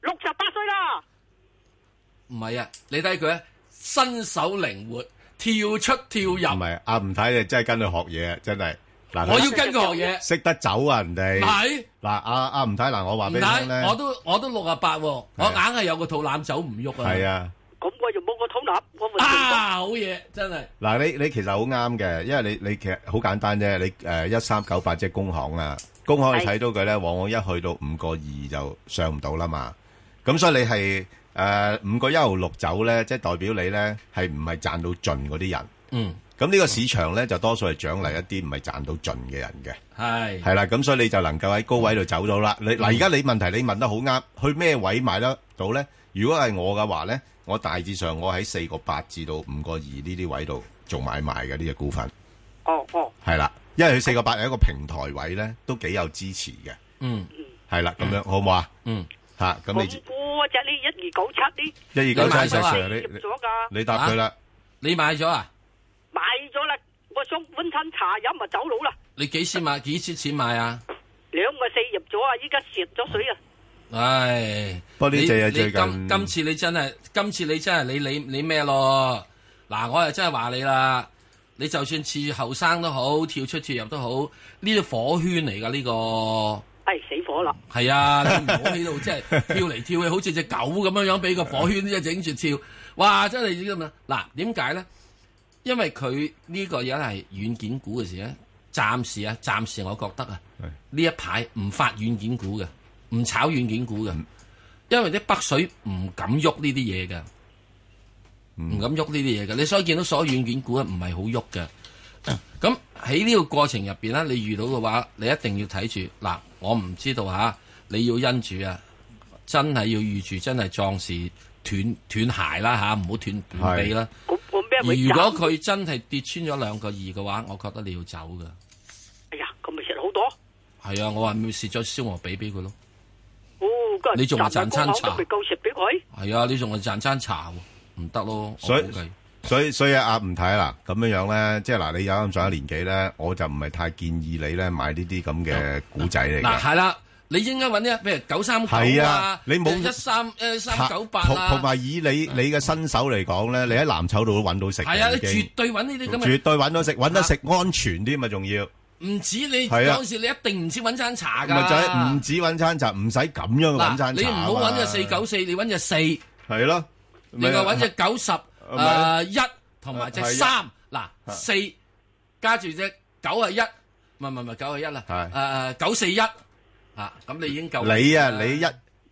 六十八歲啦！唔係啊？你睇佢身手靈活，跳出跳入。唔係啊！吳太就真係跟佢學嘢，真係。我要跟佢學嘢，識得走啊！人哋，係嗱，阿阿吳太嗱，我話俾你聽咧，我都我都六啊八喎，我硬係有個肚腩走唔喐啊！係啊，咁我仲冇個肚腩，我咪啊好嘢，真係。嗱，你你其實好啱嘅，因為你你其實好簡單啫，你誒一三九八即係工行啊，工行你睇到佢咧，往往一去到五個二就上唔到啦嘛。咁所以你係誒五個一號六走咧，即係代表你咧係唔係賺到盡嗰啲人嗯。咁呢個市場咧就多數係獎勵一啲唔係賺到盡嘅人嘅，係係啦，咁所以你就能夠喺高位度走咗啦。你嗱，而家你問題你問得好啱，去咩位買得到咧？如果係我嘅話咧，我大致上我喺四個八至到五個二呢啲位度做買賣嘅呢隻股份。哦哦，係啦，因為佢四個八係一個平台位咧，都幾有支持嘅。嗯嗯，係啦，咁樣好唔好啊？嗯吓，咁你好高啊！隻呢一二九七呢一二九七，Sir，你入咗噶？你答佢啦，你買咗啊？買咗啦，我想溫親茶飲咪走佬啦。你幾時買？幾錢錢買啊？兩個四入咗啊，依家蝕咗水啊。唉，不過呢今次你真係，今次你真係，你你你咩咯？嗱，我又真係話你啦。你就算似後生都好，跳出跳入都好，呢啲火圈嚟噶呢個。哎，死火啦！係啊，你唔好喺度即係跳嚟跳去，好似隻狗咁樣樣，俾個火圈即係整住跳。哇，真係呢啲咁啊！嗱，點解咧？因為佢呢個嘢係軟件股嘅事咧，暫時啊，暫時我覺得啊，呢是的 一排唔發軟件股嘅，唔炒軟件股嘅，因為啲北水唔敢喐呢啲嘢嘅，唔敢喐呢啲嘢嘅，你所見到所有軟件股啊，唔係好喐嘅。咁喺呢個過程入邊咧，你遇到嘅話，你一定要睇住嗱，我唔知道吓，啊，你要因住啊，真係要預住，真係壯士斷斷鞋啦吓，唔好斷斷臂啦。而如果佢真係跌穿咗兩個二嘅話，我覺得你要走噶。哎呀，咁咪食好多？係啊，我話咪蝕咗燒鵝俾俾佢咯。哦，你仲話賺餐茶？係啊，你仲咪賺餐茶？唔得咯，我估計。所以所以啊，阿吳太啦，咁樣樣咧，即係嗱，你有咁上下年紀咧，我就唔係太建議你咧買呢啲咁嘅股仔嚟嗱，係啦。嗯你應該揾一，譬如九三九啊，一三一三九八啊。同同埋以你你嘅身手嚟講咧，你喺藍籌度都揾到食。係啊，絕對揾呢啲咁啊，絕對揾到食，揾得食安全啲嘛，仲要。唔止你有時你一定唔止揾餐茶㗎。唔止揾餐茶，唔使咁樣嘅揾餐茶。你唔好揾隻四九四，你揾隻四。係咯。你又揾隻九十，誒一，同埋隻三。嗱，四加住隻九係一，唔係唔係唔係九係一啦。誒九四一。啊！咁你已經夠你啊！你一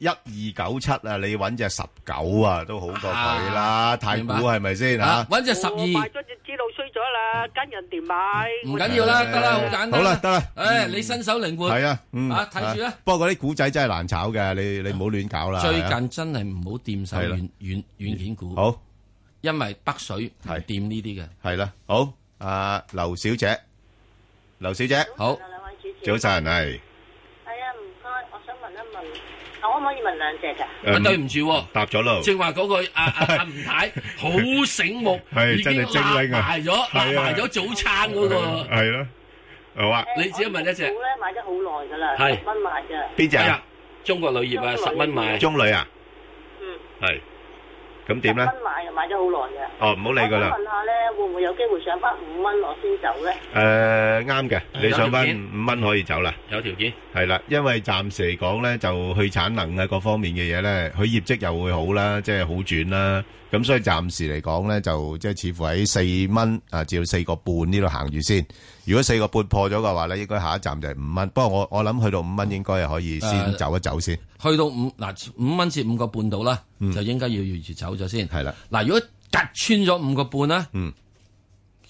一二九七啊！你揾隻十九啊，都好過佢啦。太古係咪先吓？揾隻十二，我買咗隻知道衰咗啦，跟人哋買唔緊要啦，得啦，好簡單。好啦，得啦。誒，你身手靈活係啊！啊，睇住啦。不過嗰啲股仔真係難炒嘅，你你唔好亂搞啦。最近真係唔好掂晒軟軟軟件股。好，因為北水唔掂呢啲嘅。係啦，好。阿劉小姐，劉小姐，好，早晨，係。我可唔可以問兩隻㗎？我對唔住，答咗咯。正話嗰句啊啊吳太，好醒目，已經攬埋咗，攬埋咗早餐嗰個。係咯，好啊。你自只問一隻。好咧，買得好耐㗎啦，十蚊買嘅。邊隻啊？中國鋁業啊，十蚊買。中鋁啊？嗯。係。咁點咧？五蚊買嘅，買咗好耐嘅。哦，唔好理佢啦。我問下咧，會唔會有機會上返五蚊落先走咧？誒，啱嘅，你上返五五蚊可以走啦。有條件。係啦，因為暫時嚟講咧，就去產能啊，各方面嘅嘢咧，佢業績又會好啦，即係好轉啦。咁所以暫時嚟講咧，就即係似乎喺四蚊啊，至到四個半呢度行住先。如果四個半破咗嘅話咧，應該下一站就係五蚊。不過我我諗去到五蚊，應該係可以先走一走先。去到五嗱，五蚊至五個半到啦，5. 5嗯、就應該要完全走咗先。係的啦，嗱，如果突穿咗五個半咧，嗯，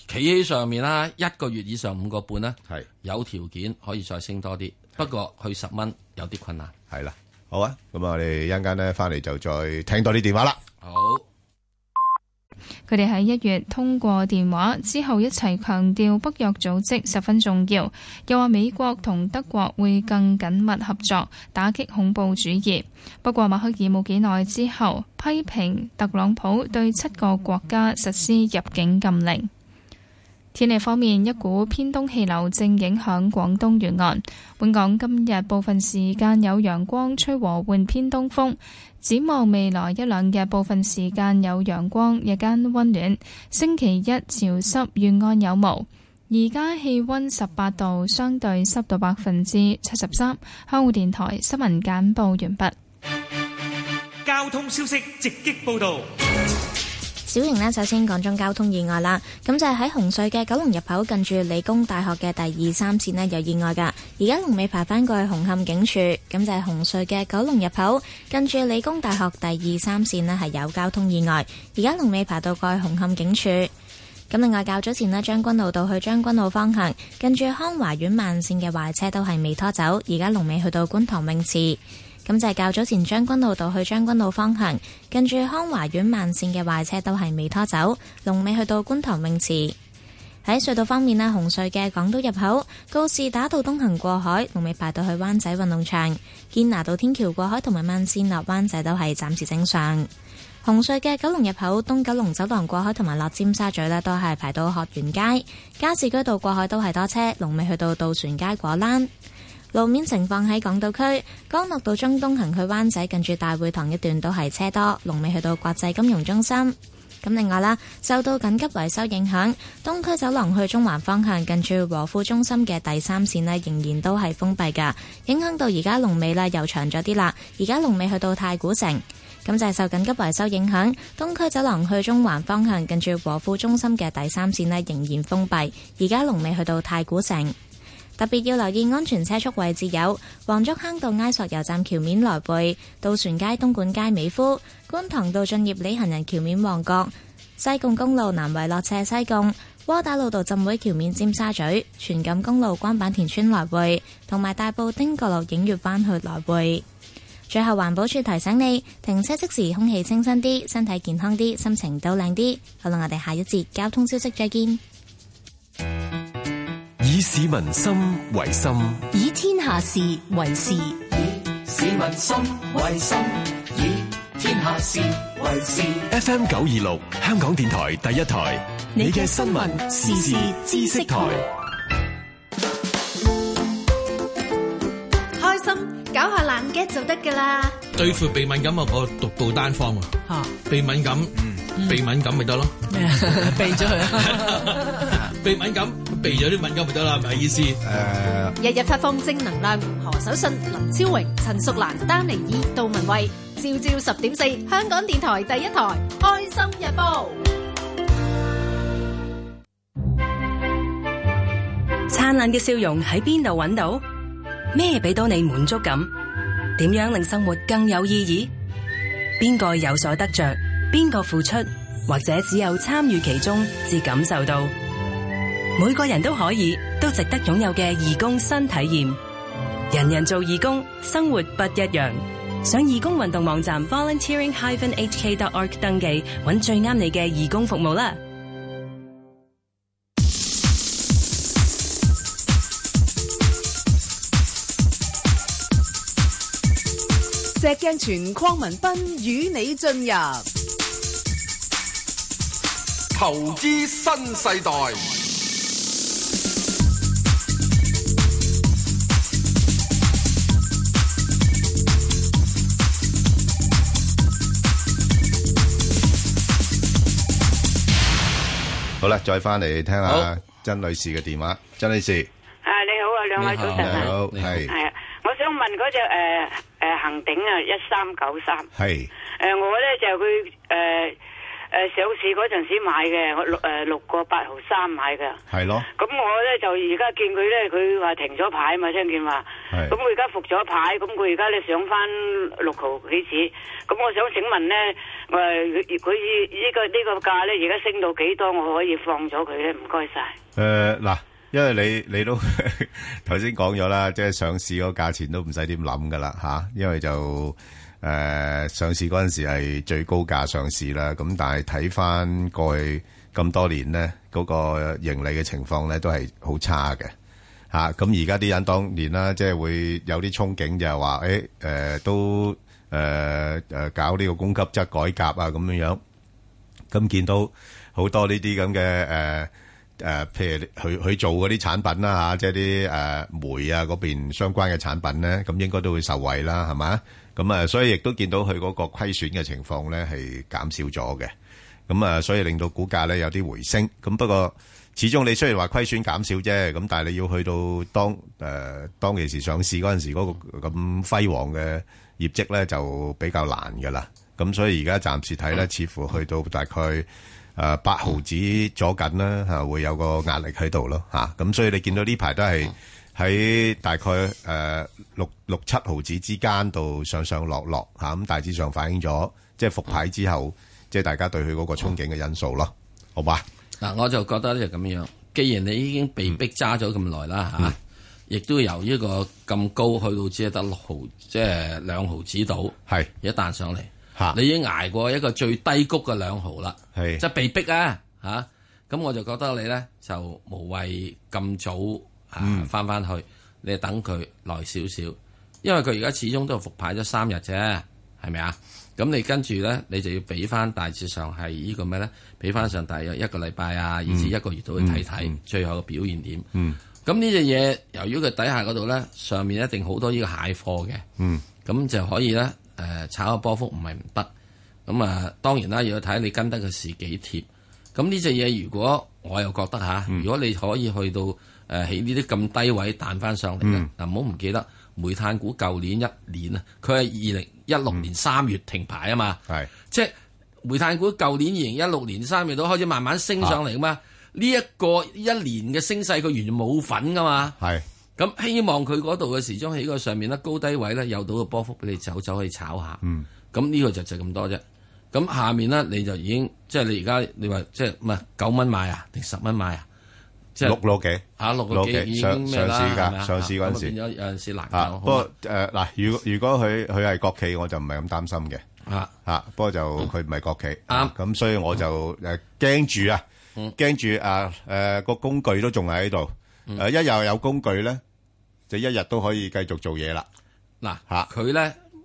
企喺上面啦，一個月以上五個半咧，係有條件可以再升多啲。的不過去十蚊有啲困難。係啦，好啊，咁啊，我哋一陣間咧翻嚟就再聽多啲電話啦。好。佢哋喺一月通過電話之後一齊強調北約組織十分重要，又話美國同德國會更緊密合作，打擊恐怖主義。不過馬克爾冇幾耐之後批評特朗普對七個國家實施入境禁令。天氣方面，一股偏東氣流正影響廣東沿岸。本港今日部分時間有陽光，吹和緩偏東風。展望未來一兩日部分時間有陽光，日間温暖。星期一潮濕，沿岸有霧。而家氣温十八度，相對濕度百分之七十三。香港電台新聞簡報完畢。交通消息直擊報道。小瑩呢，首先講中交通意外啦，咁就係喺紅隧嘅九龍入口近住理工大學嘅第二三線呢，有意外噶，而家龍尾排返過去紅磡警署，咁就係紅隧嘅九龍入口近住理工大學第二三線呢，係有交通意外，而家龍尾排到過去紅磡警署，咁另外較早前呢，將軍澳道去將軍澳方向近住康華苑慢線嘅壞車都係未拖走，而家龍尾去到觀塘泳池。咁就係較早前將軍澳道去將軍澳方向，近住康華苑慢線嘅壞車都係未拖走。龍尾去到觀塘泳池。喺隧道方面呢，紅隧嘅港島入口、告士打道東行過海，龍尾排到去灣仔運動場。堅拿道天橋過海同埋慢線落灣仔都係暫時正常。紅隧嘅九龍入口、東九龍走廊過海同埋落尖沙咀呢，都係排到學園街、加士居道過海都係多車。龍尾去到渡船街果欄。路面情況喺港島區，干諾道中東行去灣仔近住大會堂一段都係車多，龍尾去到國際金融中心。咁另外啦，受到緊急維修影響，東區走廊去中環方向近住和富中心嘅第三線呢，仍然都係封閉㗎，影響到而家龍尾啦，又長咗啲啦。而家龍尾去到太古城，咁就係受緊急維修影響，東區走廊去中環方向近住和富中心嘅第三線呢，仍然封閉。而家龍尾去到太古城。特別要留意安全車速位置有黃竹坑道埃索油站橋面來回、渡船街、東莞街、美孚、觀塘道、駿業里行人橋面旺角、西貢公路南圍落斜西貢、窩打老道浸會橋面尖沙咀、全錦公路關板田村來回、同埋大埔丁角路影月灣去來回。最後環保署提醒你，停車即時空氣清新啲，身體健康啲，心情都靚啲。好啦，我哋下一節交通消息再見。以市民心為心，以天下事為事。以市民心為心，以天下事為事。FM 九二六，香港電台第一台。你嘅新聞時事知識台，開心搞下冷氣就得噶啦。對付鼻敏感啊，我獨步單方啊。吓，鼻敏感，嗯，鼻敏感咪得咯。咩啊？避咗佢啊？鼻敏感。 (laughs) (laughs) 避咗啲敏感咪得啦，係咪意思？誒，日日發放正能量，何守信、林超榮、陳淑蘭、丹尼爾、杜文蔚、朝朝十點四，香港電台第一台《開心日報》。燦爛嘅笑容喺邊度揾到？咩俾到你滿足感？點樣令生活更有意義？邊個有所得着？邊個付出？或者只有參與其中，至感受到？每個人都可以，都值得擁有嘅義工新體驗。人人做義工，生活不一樣。上義工運動網站 volunteering hyphen hk dot org 登記，揾最啱你嘅義工服務啦。石鏡泉、鄺民彬與你進入投資新世代。好啦，再翻嚟聽下曾女士嘅電話，曾女士。啊，你好啊，兩位早晨啊。你好，係。係啊，我想問嗰隻誒誒恒鼎啊，一三九三。係。誒，我咧就佢誒。誒、呃、上市嗰陣時買嘅，六誒、呃、六個八毫三買嘅，係咯。咁我咧就而家見佢咧，佢話停咗牌嘛，聽見話。咁佢而家復咗牌，咁佢而家咧上翻六毫幾紙。咁我想請問咧，誒佢依個呢、這個價咧，而家升到幾多？我可以放咗佢咧？唔該晒！誒嗱、呃，因為你你都頭先講咗啦，即 (laughs) 係、就是、上市嗰價錢都唔使點諗㗎啦嚇，因為就。誒、呃、上市嗰陣時係最高價上市啦，咁但係睇翻過去咁多年咧，嗰、那個盈利嘅情況咧都係好差嘅嚇。咁而家啲人當年啦，即係會有啲憧憬就，就係話誒誒都誒誒、呃、搞呢個供給側改革啊，咁樣樣咁、啊、見到好多呢啲咁嘅誒誒，譬如佢去做嗰啲產品啦嚇、啊，即係啲誒煤啊嗰邊相關嘅產品咧，咁應該都會受惠啦，係嘛？咁啊，所以亦都見到佢嗰個虧損嘅情況咧，係減少咗嘅。咁啊，所以令到股價咧有啲回升。咁不過，始終你雖然話虧損減少啫，咁但係你要去到當誒、呃、當其時上市嗰陣時嗰、那個咁輝煌嘅業績咧，就比較難噶啦。咁所以而家暫時睇咧，似乎去到大概誒、呃、八毫子左近啦，嚇、啊、會有個壓力喺度咯嚇。咁所以你見到呢排都係喺大概誒、呃、六六七毫子之間度上上落落嚇，咁、啊、大致上反映咗，即係復牌之後，即係、嗯、大家對佢嗰個憧憬嘅因素咯，好嘛？嗱，我就覺得就咁樣，既然你已經被逼揸咗咁耐啦嚇，亦、嗯啊、都由呢個咁高去到只係得六毫，即、就、係、是、兩毫子到，係一、嗯、彈上嚟嚇，是你已經捱過一個最低谷嘅兩毫啦，係即係被逼啊嚇，咁、啊啊、我就覺得你咧就無謂咁早。啊！翻翻、嗯、去，你等佢耐少少，因為佢而家始終都係復牌咗三日啫，係咪啊？咁你跟住咧，你就要俾翻大致上係呢個咩咧？俾翻上大約一個禮拜啊，以至一個月都去睇睇、嗯嗯、最後嘅表現點。咁呢隻嘢由於佢底下嗰度咧，上面一定好多呢個蟹貨嘅，咁、嗯、就可以咧誒、呃、炒個波幅唔係唔得咁啊。當然啦，要睇你跟得嘅時幾貼。咁呢隻嘢如果我又覺得嚇、啊，如果你可以去到。誒起呢啲咁低位彈翻上嚟嘅，嗱唔好唔記得煤炭股舊年一年啊，佢係二零一六年三月停牌啊嘛，嗯、即係煤炭股舊年二零一六年三月都開始慢慢升上嚟噶嘛，呢一、啊、個一年嘅升勢佢完全冇份噶嘛，咁是希望佢嗰度嘅時鐘喺個上面咧高低位咧有到個波幅俾你走走去炒下，咁呢、嗯、個就就咁多啫，咁下面呢，你就已經即係你而家你話即係唔係九蚊買啊定十蚊買啊？六,六，幾，六幾，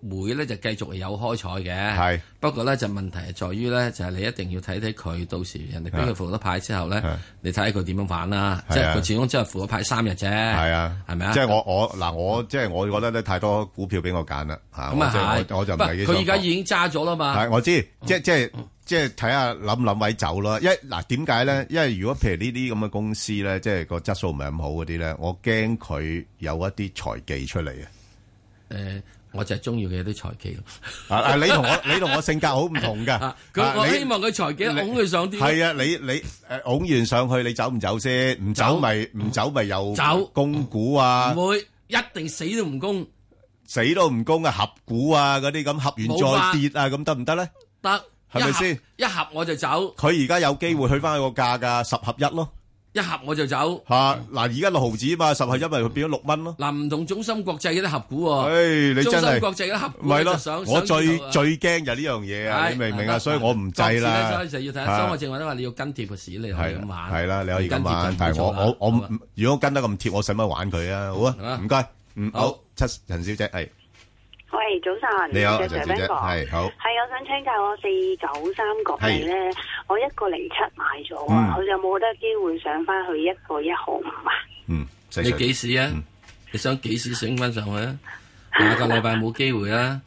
會咧就繼續有開彩嘅，係不過咧就問題係在於咧，就係你一定要睇睇佢到時人哋俾佢復咗牌之後咧，你睇下佢點樣反啦。即係佢始終只係復咗牌三日啫。係啊，係咪啊？即係我我嗱我即係我覺得咧太多股票俾我揀啦吓。咁啊我就唔係幾想。佢而家已經揸咗啦嘛。係我知，即係即係即係睇下諗諗位走啦。因為嗱點解咧？因為如果譬如呢啲咁嘅公司咧，即係個質素唔係咁好嗰啲咧，我驚佢有一啲財技出嚟啊。誒。我就係中意佢有啲財技咯。啊！你同我，你同我性格好唔同噶。佢，我希望佢財技拱佢上啲。係啊，你你誒拱完上去，你走唔走先？唔走咪唔走咪又走。供股啊，會一定死都唔供，死都唔供啊！合股啊，嗰啲咁合完再跌啊，咁得唔得咧？得，係咪先？一合我就走。佢而家有機會去翻個價噶，十合一咯。一合我就走吓，嗱，而家六毫紙嘛，十係因為佢變咗六蚊咯。嗱，唔同中心國際嗰啲合股，誒，你真係中心國際啲合股唔係咯。我最最驚就呢樣嘢啊，你明唔明啊？所以我唔制啦。所以就要睇下，我正話都話你要跟貼個市，你係咁玩。係啦，你可以咁玩，但係我我我如果跟得咁貼，我使乜玩佢啊？好啊，唔該，好，七陳小姐係。喂，早晨，你好，陳斌哥，係好，係我想請教我四九三角嚟咧，我一個零七買咗，我就冇得機會上翻去一個一毫五啊？嗯，你幾時啊？你想幾時升翻上去啊？下個禮拜冇機會啦。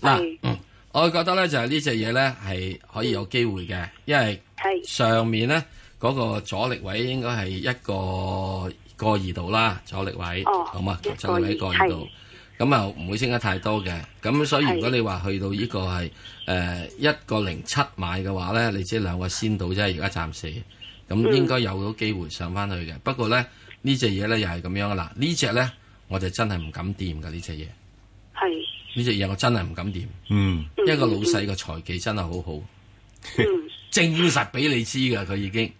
嗱，嗯，我覺得咧就係呢隻嘢咧係可以有機會嘅，因為上面咧嗰個阻力位應該係一個個二度啦，阻力位，好嘛？阻力位個二度。咁又唔會升得太多嘅，咁所以如果你話去到個、呃、話呢個係誒一個零七買嘅話咧，你即係兩個先到啫，而家暫時，咁應該有咗機會上翻去嘅。嗯、不過咧，這個、呢隻嘢咧又係咁樣啦，這個、呢隻咧我就真係唔敢掂噶呢隻嘢，係呢隻嘢我真係唔敢掂，嗯，一個老細嘅財技真係好好，嗯、 (laughs) 證實俾你知噶佢已經，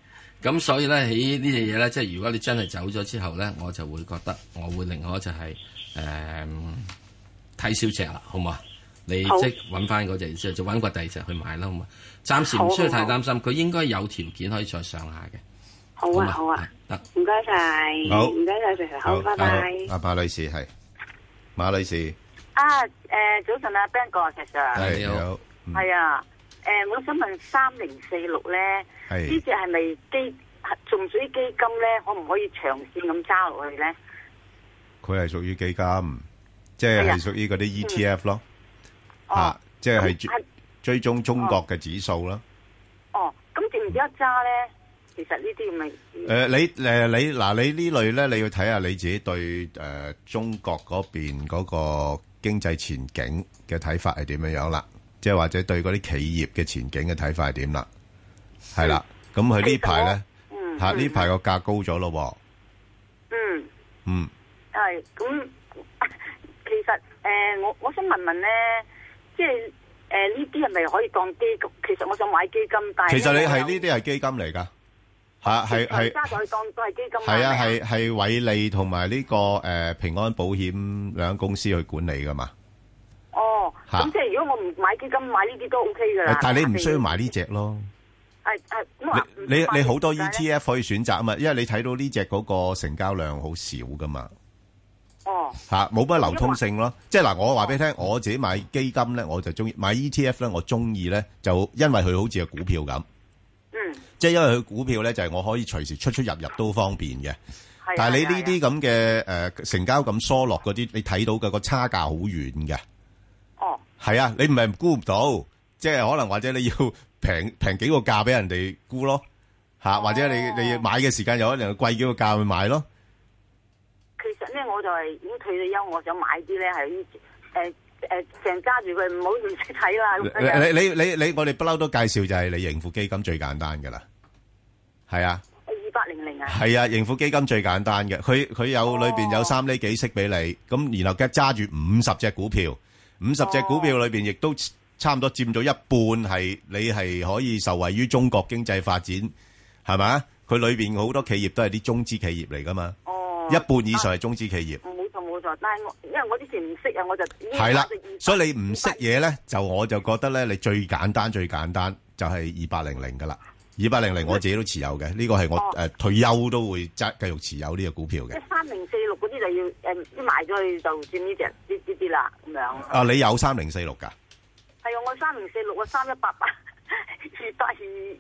咁所以咧喺呢隻嘢咧，即係如果你真係走咗之後咧，我就會覺得我會寧可就係、是。誒，睇少隻啦，好唔好啊？你即係搵翻嗰隻之後，就搵個第二隻去買啦，好嘛？暫時唔需要太擔心，佢應該有條件可以再上下嘅。好啊，好啊，得，唔該晒，好，唔該晒，謝謝，好，拜拜。阿馬女士係，馬女士。啊，誒，早晨阿 Ben 哥啊，其實係，係啊，誒，我想問三零四六咧，呢隻係咪基仲水基金咧？可唔可以長線咁揸落去咧？佢係屬於基金，即係屬於嗰啲 ETF 咯，嚇，即係追追蹤中國嘅指數咯。哦，咁點而家揸咧？其實呢啲咁嘅誒，你誒你嗱，你、啊你啊、你類呢類咧，你要睇下你自己對誒、呃、中國嗰邊嗰個經濟前景嘅睇法係點樣樣啦，即係或者對嗰啲企業嘅前景嘅睇法係點以啦，係、嗯、啦，咁佢呢排咧嚇呢排個價高咗咯喎，嗯、啊、嗯。係咁、嗯，其實誒、呃，我我想問問咧，即係誒呢啲係咪可以當基金？其實我想買基金，但係其實你係呢啲係基金嚟噶，係啊係係。再加就去當都係基金。係啊係係偉利同埋呢個誒、呃、平安保險兩間公司去管理噶嘛？哦，咁即係如果我唔買基金，買呢啲都 OK 噶啦。但係你唔需要買呢隻咯。係誒、啊啊，你你好多 ETF 可以選擇啊嘛，因為你睇到呢隻嗰個成交量好少噶嘛。哦，吓冇乜流通性咯，為即係嗱，我話俾你聽，我自己買基金咧，我就中意買 ETF 咧，我中意咧就因為佢好似個股票咁，嗯，即係因為佢股票咧就係、是、我可以隨時出出入入都方便嘅，的但係你呢啲咁嘅誒成交咁疏落嗰啲，你睇到嘅個差價好遠嘅，哦，係啊，你唔係沽唔到，即係可能或者你要平平幾個價俾人哋沽咯，吓或者你、哦、你要買嘅時間有可能貴幾個價去買咯。咁咧我就係已經退咗休，我想買啲咧係誒誒，成揸住佢唔好亂識睇啦。你你你你，我哋不嬲都介紹就係你盈富基金最簡單噶啦，係啊，二八零零啊，係啊，盈富基金最簡單嘅，佢佢有裏邊有三厘幾息俾你，咁然後加揸住五十隻股票，五十隻股票裏邊亦都差唔多佔咗一半係你係可以受惠於中國經濟發展，係咪？佢裏邊好多企業都係啲中資企業嚟噶嘛。一半以上係中資企業。冇錯冇錯，但係我，因為我之前唔識啊，我就係啦。了所以你唔識嘢咧，就我就覺得咧，你最簡單最簡單就係二八零零㗎啦。二八零零我自己都持有嘅，呢個係我誒、哦呃、退休都會揸繼續持有呢個股票嘅。三零四六嗰啲就要誒賣咗，嗯、去就佔呢隻呢啲啲啦咁樣。啊！你有三零四六㗎？係啊！我三零四六啊，三一八八，但係。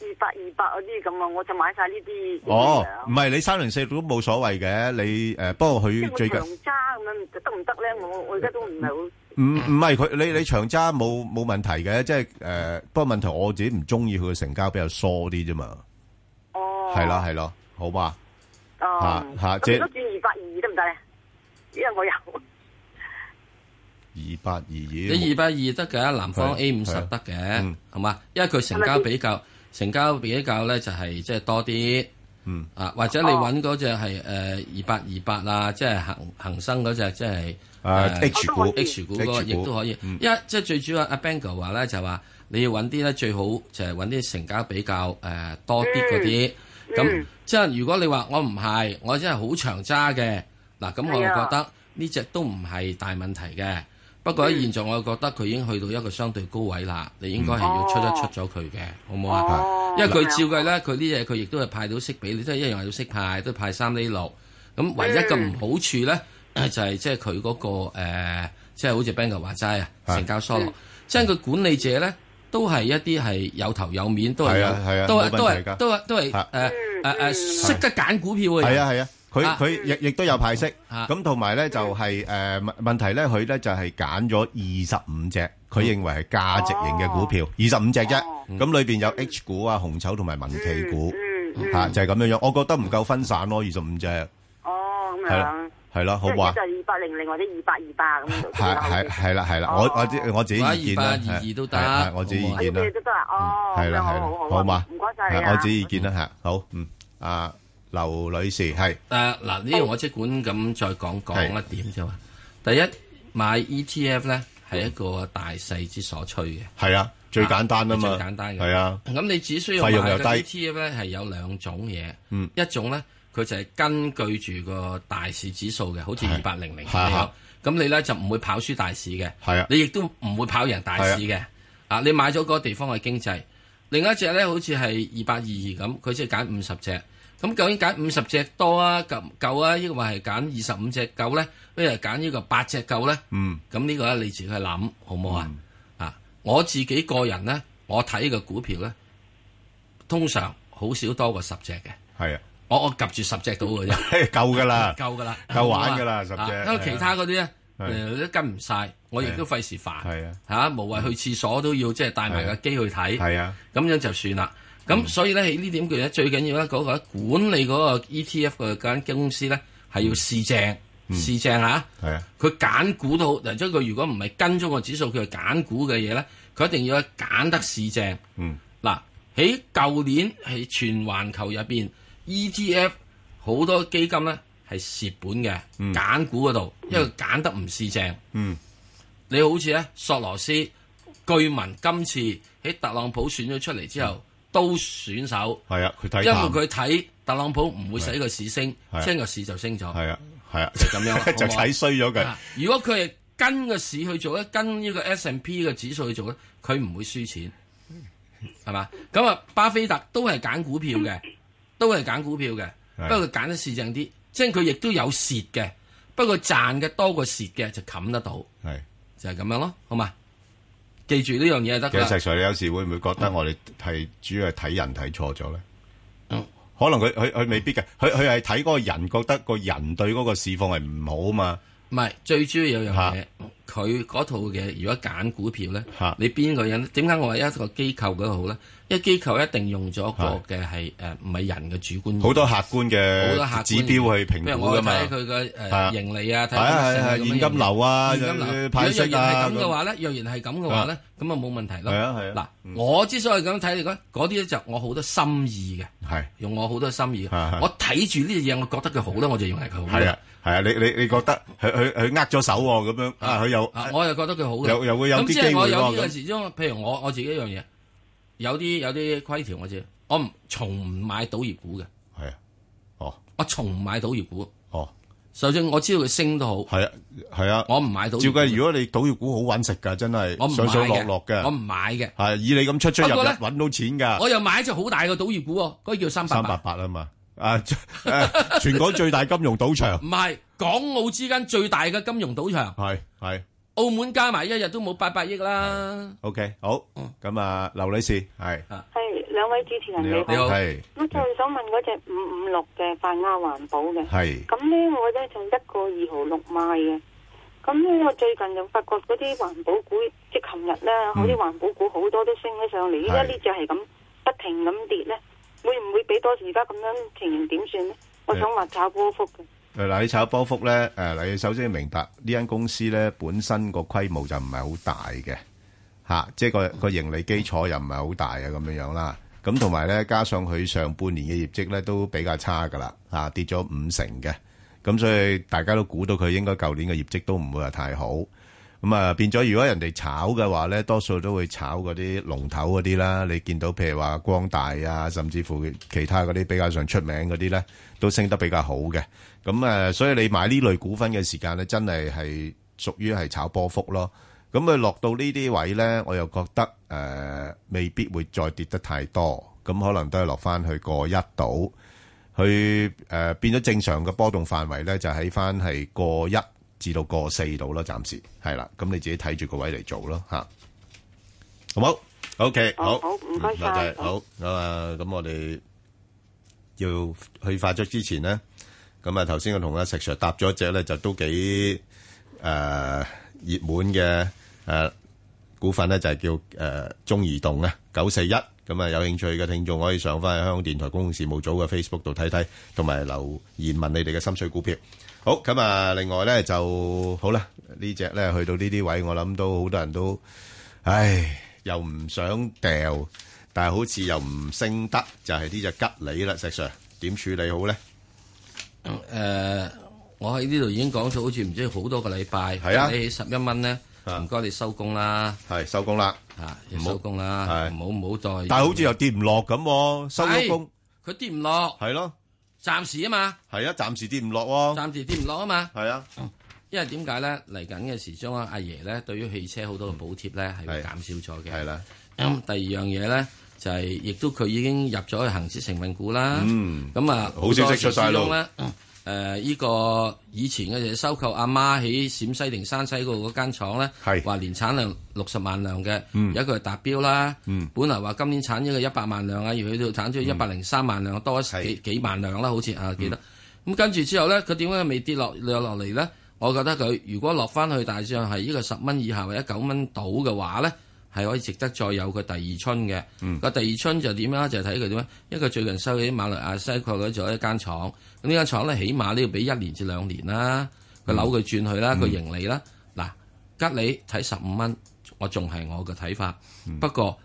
二百二百嗰啲咁啊，我就買晒呢啲。哦，唔係你三零四都冇所謂嘅，你誒、呃嗯，不過佢最近長揸咁樣得唔得咧？我我而家都唔係好唔唔係佢你你長揸冇冇問題嘅，即係誒、呃，不過問題我自己唔中意佢嘅成交比較疏啲啫嘛。哦，係咯係咯，好吧。哦、嗯，吓咁你都轉二百二得唔得？因為我有二百二二，你二百二得嘅，南方 A 五十得嘅，係嘛？因為佢成交比較。成交比較咧就係即係多啲，嗯、啊或者你揾嗰隻係誒二八二八啊，即係恒恒生嗰隻，即係、就是呃啊、H 股 H 股嗰個亦都可以。一即係最主要阿、嗯、Bangal 話咧就話你要揾啲咧最好就係揾啲成交比較誒、呃、多啲嗰啲。咁即係如果你話我唔係，我真係好長揸嘅嗱，咁、啊、我就覺得呢隻都唔係大問題嘅。不過喺現在，我覺得佢已經去到一個相對高位啦。你應該係要出一出咗佢嘅，好唔好、嗯、啊？因為佢照計咧，佢呢嘢佢亦都係派到息俾你，即係一樣要息派，都派三厘六。咁唯一嘅唔好處咧，嗯、就係、那個呃、即係佢嗰個即係好似 Ben 哥話齋啊，成交疏落，即係佢管理者咧都係一啲係有頭有面，都係有，啊啊啊、都係都係都係都係誒誒誒識得揀股票嘅。佢佢亦亦都有派息，咁同埋咧就係誒問題咧，佢咧就係揀咗二十五隻，佢認為係價值型嘅股票，二十五隻啫，咁裏邊有 H 股啊、紅籌同埋民企股，吓就係咁樣樣。我覺得唔夠分散咯，二十五隻。哦，咁樣係咯，好哇，即係就係二百零零或者二百二八咁。係係係啦係啦，我我我自己意見啦，二二都得，我自己意見啦，都得啦，哦，係啦係啦，好嘛，唔該晒你啊，我自己意見啦吓，好嗯啊。劉女士係誒嗱，呢個、啊、我即管咁再講講一點啫嘛。是第一買 ETF 咧係一個大勢之所趨嘅，係啊，最簡單啊嘛，最簡單嘅係啊。咁你只需要費用又低。ETF 咧係有兩種嘢，嗯、一種咧佢就係根據住個大市指數嘅，好似二八零零咁。你咧有的就唔會跑輸大市嘅，係啊的。你亦都唔會跑贏大市嘅。啊的，的你買咗個地方嘅經濟，另一隻咧好似係二八二二咁，佢即係揀五十隻。咁究竟揀五十隻多啊，夠夠啊？亦或係揀二十五隻夠咧？不如揀呢個八隻夠咧？嗯，咁呢個你自己去諗，好唔好啊？啊，我自己個人咧，我睇個股票咧，通常好少多過十隻嘅。係啊，我我夾住十隻到嘅啫，夠噶啦，夠噶啦，夠玩噶啦，十隻。因為其他嗰啲咧，誒都跟唔晒，我亦都費事煩。係啊，吓無謂去廁所都要即係帶埋個機去睇。係啊，咁樣就算啦。咁、嗯、所以咧，喺呢點佢咧，最緊要咧，嗰管理嗰個 ETF 嘅間公司咧，係要試正試、嗯嗯、正嚇，係啊，佢揀、啊、股都好，嗱，即係佢如果唔係跟蹤個指數，佢係揀股嘅嘢咧，佢一定要揀得試正。嗯，嗱喺舊年喺全環球入邊 ETF 好多基金咧係蝕本嘅，揀股嗰度，因為揀得唔試正。嗯，你好似咧，索羅斯據聞今次喺特朗普選咗出嚟之後。嗯都選手係啊，佢睇，因為佢睇特朗普唔會使個市升，升個的的市就升咗。係啊，係啊，就咁樣， (laughs) 就睇衰咗嘅。如果佢係跟個市去做咧，跟呢個 S&P 個指數去做咧，佢唔會輸錢，係嘛？咁啊，巴菲特都係揀股票嘅， (laughs) 都係揀股票嘅， (laughs) 不過揀得市正啲。即係佢亦都有蝕嘅，不過賺嘅多過蝕嘅就冚得到，係 (laughs) 就係咁樣咯，好嘛？記住呢樣嘢就得噶啦。其實你有時會唔會覺得我哋係主要係睇人睇錯咗咧？嗯，可能佢佢佢未必嘅，佢佢係睇嗰個人，覺得個人對嗰個市況係唔好啊嘛。唔係，最主要有樣嘢。啊佢嗰套嘅，如果揀股票咧，你邊個人？點解我話一個機構嗰個好咧？因為機構一定用咗個嘅係誒，唔係人嘅主觀，好多客觀嘅好多客指標去評估㗎，我睇佢嘅誒盈利啊，睇係係係現金流啊，派息。如果若然係咁嘅話咧，若然係咁嘅話咧，咁啊冇問題咯。嗱，我之所以咁睇嚟講，嗰啲咧就我好多心意嘅，係用我好多心意。我睇住呢樣嘢，我覺得佢好咧，我就認為佢好。係啊係啊，你你你覺得佢佢佢握咗手喎咁樣啊？我又覺得佢好嘅，又又會有啲機會咁即係我有啲陣時，因為譬如我我自己一樣嘢，有啲有啲規條，我知，我從唔買賭業股嘅。係啊，哦，我從唔買賭業股。哦，就算我知道佢升都好。係啊，係啊，我唔買賭業股。照計，如果你賭業股好揾食噶，真係上上落落嘅。我唔買嘅。係以你咁出出入入揾到錢噶。我又買一隻好大嘅賭業股喎，嗰個叫三八八，三八八啊嘛，啊，全港最大金融賭場。唔係。港澳之間最大嘅金融賭場係係澳門加埋一日都冇八百億啦。O K 好，咁啊劉女士係，係兩位主持人你好，係我就係想問嗰隻五五六嘅泛亞環保嘅。係，咁咧我咧就一個二毫六賣嘅，咁咧我最近就發覺嗰啲環保股即係琴日咧，嗰啲環保股好多都升咗上嚟，依家呢隻係咁不停咁跌咧，會唔會俾多時？而家咁樣情形點算咧？我想話炒波幅嘅。誒，嗱，你炒波幅咧？誒，你首先要明白呢間公司咧本身個規模就唔係好大嘅，吓，即係個個盈利基礎又唔係好大啊，咁樣樣啦。咁同埋咧，加上佢上半年嘅業績咧都比較差噶啦，吓跌咗五成嘅。咁所以大家都估到佢應該舊年嘅業績都唔會話太好。咁啊，變咗如果人哋炒嘅話咧，多數都會炒嗰啲龍頭嗰啲啦。你見到譬如話光大啊，甚至乎其他嗰啲比較上出名嗰啲咧，都升得比較好嘅。咁誒、嗯，所以你買呢類股份嘅時間咧，真係係屬於係炒波幅咯。咁佢落到呢啲位咧，我又覺得誒、呃，未必會再跌得太多。咁、嗯、可能都係落翻去過一度，去誒、呃、變咗正常嘅波動範圍咧，就喺翻係過一至到過四度咯。暫時係啦，咁你自己睇住個位嚟做咯吓，好冇？OK，好，唔該晒。好啊，咁、呃、我哋要去化妝之前咧。咁啊，頭先我同阿石 Sir 搭咗一隻咧，就都幾誒熱門嘅誒股份咧，就係叫誒中移動啊，九四一。咁啊，有興趣嘅聽眾可以上翻去香港電台公共事務組嘅 Facebook 度睇睇，同埋留言問你哋嘅心水股票。好，咁啊，另外咧就好啦，呢隻咧去到呢啲位，我諗都好多人都，唉，又唔想掉，但係好似又唔升得，就係呢隻吉利啦，石 Sir 點處理好咧？誒，我喺呢度已經講咗，好似唔知好多個禮拜，你起十一蚊咧，唔該你收工啦，係收工啦，吓，收工啦，唔好唔好再，但係好似又跌唔落咁，收咗工，佢跌唔落，係咯，暫時啊嘛，係啊，暫時跌唔落喎，暫時跌唔落啊嘛，係啊，因為點解咧嚟緊嘅時，將阿爺咧對於汽車好多嘅補貼咧係會減少咗嘅，係啦，咁第二樣嘢咧。就係、是，亦都佢已經入咗去恒、嗯嗯、指成分股啦。咁啊、嗯，好消息出曬啦。誒，呢個以前嘅就收購阿媽喺陝西定山西嗰度嗰間廠咧，話是年產量六十萬輛嘅。而家佢係達標啦。嗯、本嚟話今年產出嘅一百萬輛啊，而佢度產出一百零三萬輛，多咗幾幾萬輛啦，好似啊記得。咁跟住之後咧，佢點解未跌落落嚟咧？我覺得佢如果落翻去大致上係呢個十蚊以下或者九蚊到嘅話咧，係可以值得再有個第二春嘅個、嗯、第二春就點樣？就睇佢點樣，因為佢最近收起馬來亞西國嗰咗一間廠，咁呢間廠咧起碼都要俾一年至兩年啦。佢、嗯、扭佢轉去啦，佢盈利啦。嗱、嗯、吉利睇十五蚊，我仲係我嘅睇法。嗯、不過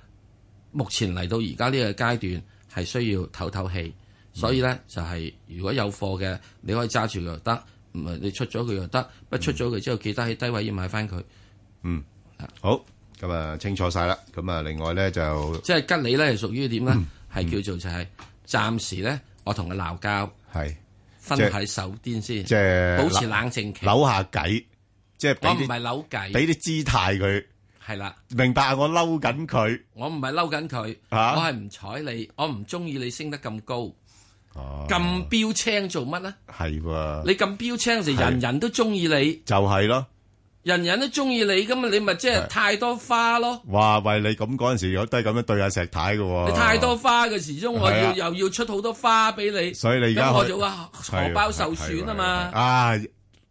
目前嚟到而家呢個階段係需要透透氣，所以咧、嗯、就係、是、如果有貨嘅你可以揸住佢又得，唔係你出咗佢又得，不過、嗯、出咗佢之後記得喺低位要買翻佢。嗯，好。咁啊清楚晒啦，咁啊另外咧就即係吉利咧係屬於點咧？係叫做就係暫時咧，我同佢鬧交，係分喺手端先，即係保持冷靜期，扭下計，即係我唔係扭計，俾啲姿態佢，係啦，明白啊？我嬲緊佢，我唔係嬲緊佢，我係唔睬你，我唔中意你升得咁高，哦，咁標青做乜咧？係喎，你咁標青時，人人都中意你，就係咯。人人都中意你咁嘛，你咪即係太多花咯。哇，喂，你咁嗰陣時，如果都係咁樣對阿石太嘅，啊，你太多花嘅時鐘，我要，啊、又要出好多花俾你，所以你而家我就話荷包受損啊嘛。啊，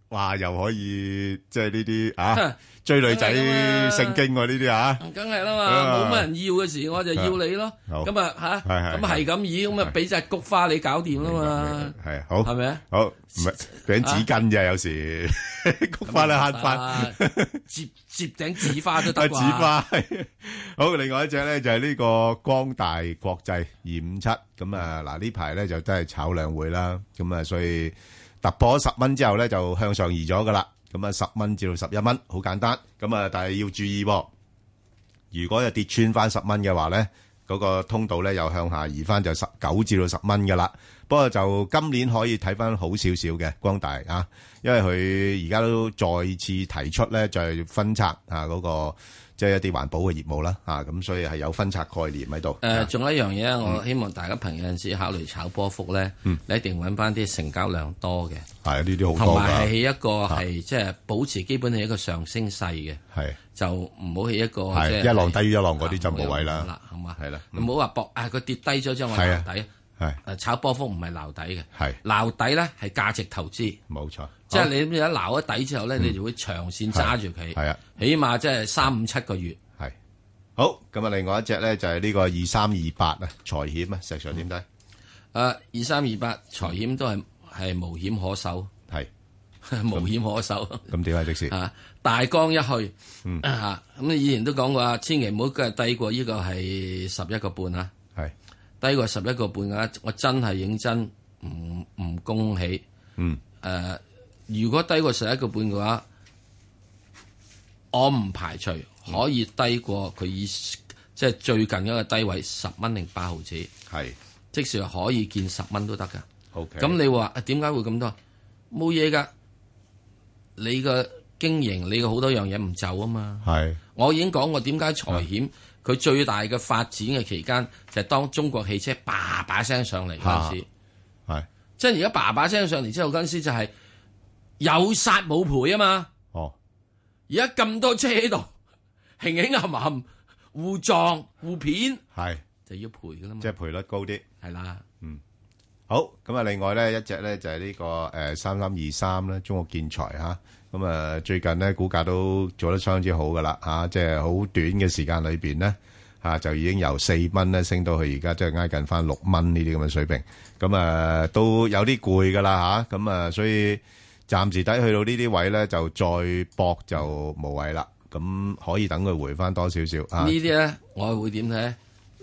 哇，又可以即係呢啲啊。追女仔聖經喎呢啲啊，梗係啦嘛，冇乜人要嘅時我就要你咯。咁啊吓，咁係咁意，咁啊俾隻菊花你搞掂啦嘛。係啊，好係咪啊？好，頂紙巾啫，有時菊花啦慳花，折折頂紙花都得。啊，紙花。好，另外一隻咧就係呢個光大國際二五七，咁啊嗱呢排咧就真係炒兩會啦，咁啊所以突破咗十蚊之後咧就向上移咗噶啦。咁啊，十蚊至到十一蚊，好簡單。咁啊，但係要注意喎。如果又跌穿翻十蚊嘅話咧，嗰個通道咧又向下移翻，就十九至到十蚊㗎喇。不過就今年可以睇翻好少少嘅光大啊，因為佢而家都再次提出咧，就係分拆啊嗰個。即係一啲環保嘅業務啦，啊咁所以係有分拆概念喺度。誒，仲有一樣嘢咧，我希望大家朋友有陣時考慮炒波幅咧，你一定搵返啲成交量多嘅。係，呢啲好多㗎。同埋係一個係即係保持基本係一個上升勢嘅。係。就唔好係一個。係一浪低於一浪嗰啲就冇位啦。好啦，好嘛。係啦。唔好話搏，誒佢跌低咗之後我買底。係誒，炒波幅唔係撈底嘅，係撈底咧係價值投資，冇錯。即係你一撈咗底之後咧，你就會長線揸住佢，係啊，起碼即係三五七個月。係好咁啊！另外一隻咧就係呢個二三二八啊，財險啊，石生點睇？誒，二三二八財險都係係無險可守，係無險可守。咁點解？石師？吓大江一去，吓咁以前都講過，千祈唔好嘅低過呢個係十一個半啊。低過十一個半嘅話，我真係認真，唔唔恭喜。嗯。誒、呃，如果低過十一個半嘅話，我唔排除可以低過佢以即係最近一個低位十蚊零八毫子。係是，即使可以見十蚊都得㗎。O Okay . K。咁你話點解會咁多？冇嘢㗎。你嘅經營，你嘅好多樣嘢唔走啊嘛。係是。我已經講過點解財險。啊佢最大嘅發展嘅期間就係、是、當中國汽車叭叭聲上嚟嗰陣時，即係而家叭叭聲上嚟之後，嗰陣時就係有殺冇賠啊嘛！哦，而家咁多車喺度，輕輕冚冚互撞互騙，係的就要賠㗎嘛，即係賠率高啲，係啦的，嗯，好咁啊，另外咧一隻咧就係呢、這個誒三三二三咧，呃、23，中國建材嚇。咁啊，最近咧，股價都做得相當之好噶啦，嚇，即係好短嘅時間裏邊咧，嚇就已經由四蚊咧升到去而家，即係挨近翻六蚊呢啲咁嘅水平。咁啊，都有啲攰噶啦，嚇。咁啊，所以暫時睇去到呢啲位咧，就再搏就無謂啦。咁可以等佢回翻多少少。呢啲咧，我會點睇？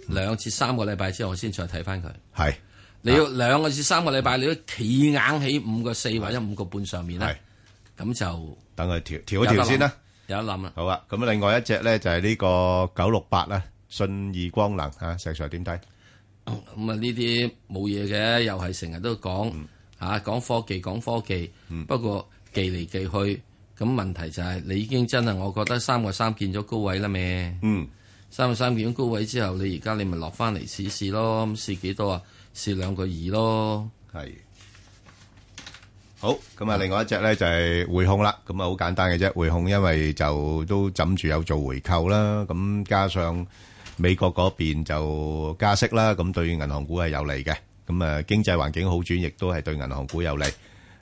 兩至三個禮拜之後，我先再睇翻佢。係，你要兩個至三個禮拜，你都企硬喺五個四或者五個半上面咧。咁就等佢調調一調先啦，啊，有一諗啦。好啊，咁另外一隻咧就係呢個九六八啦，信義光能啊，石 Sir 點睇？咁啊，呢啲冇嘢嘅，又係成日都講吓，講科技，講科技，嗯、不過記嚟記去，咁問題就係你已經真係，我覺得三個三見咗高位啦咩？嗯，三個三見咗高位之後，你而家你咪落翻嚟試試咯，試幾多啊？試兩個二咯，係。好，咁啊，另外一隻咧就係匯控啦。咁啊，好簡單嘅啫。匯控因為就都枕住有做回購啦，咁加上美國嗰邊就加息啦，咁對銀行股係有利嘅。咁啊，經濟環境好轉，亦都係對銀行股有利。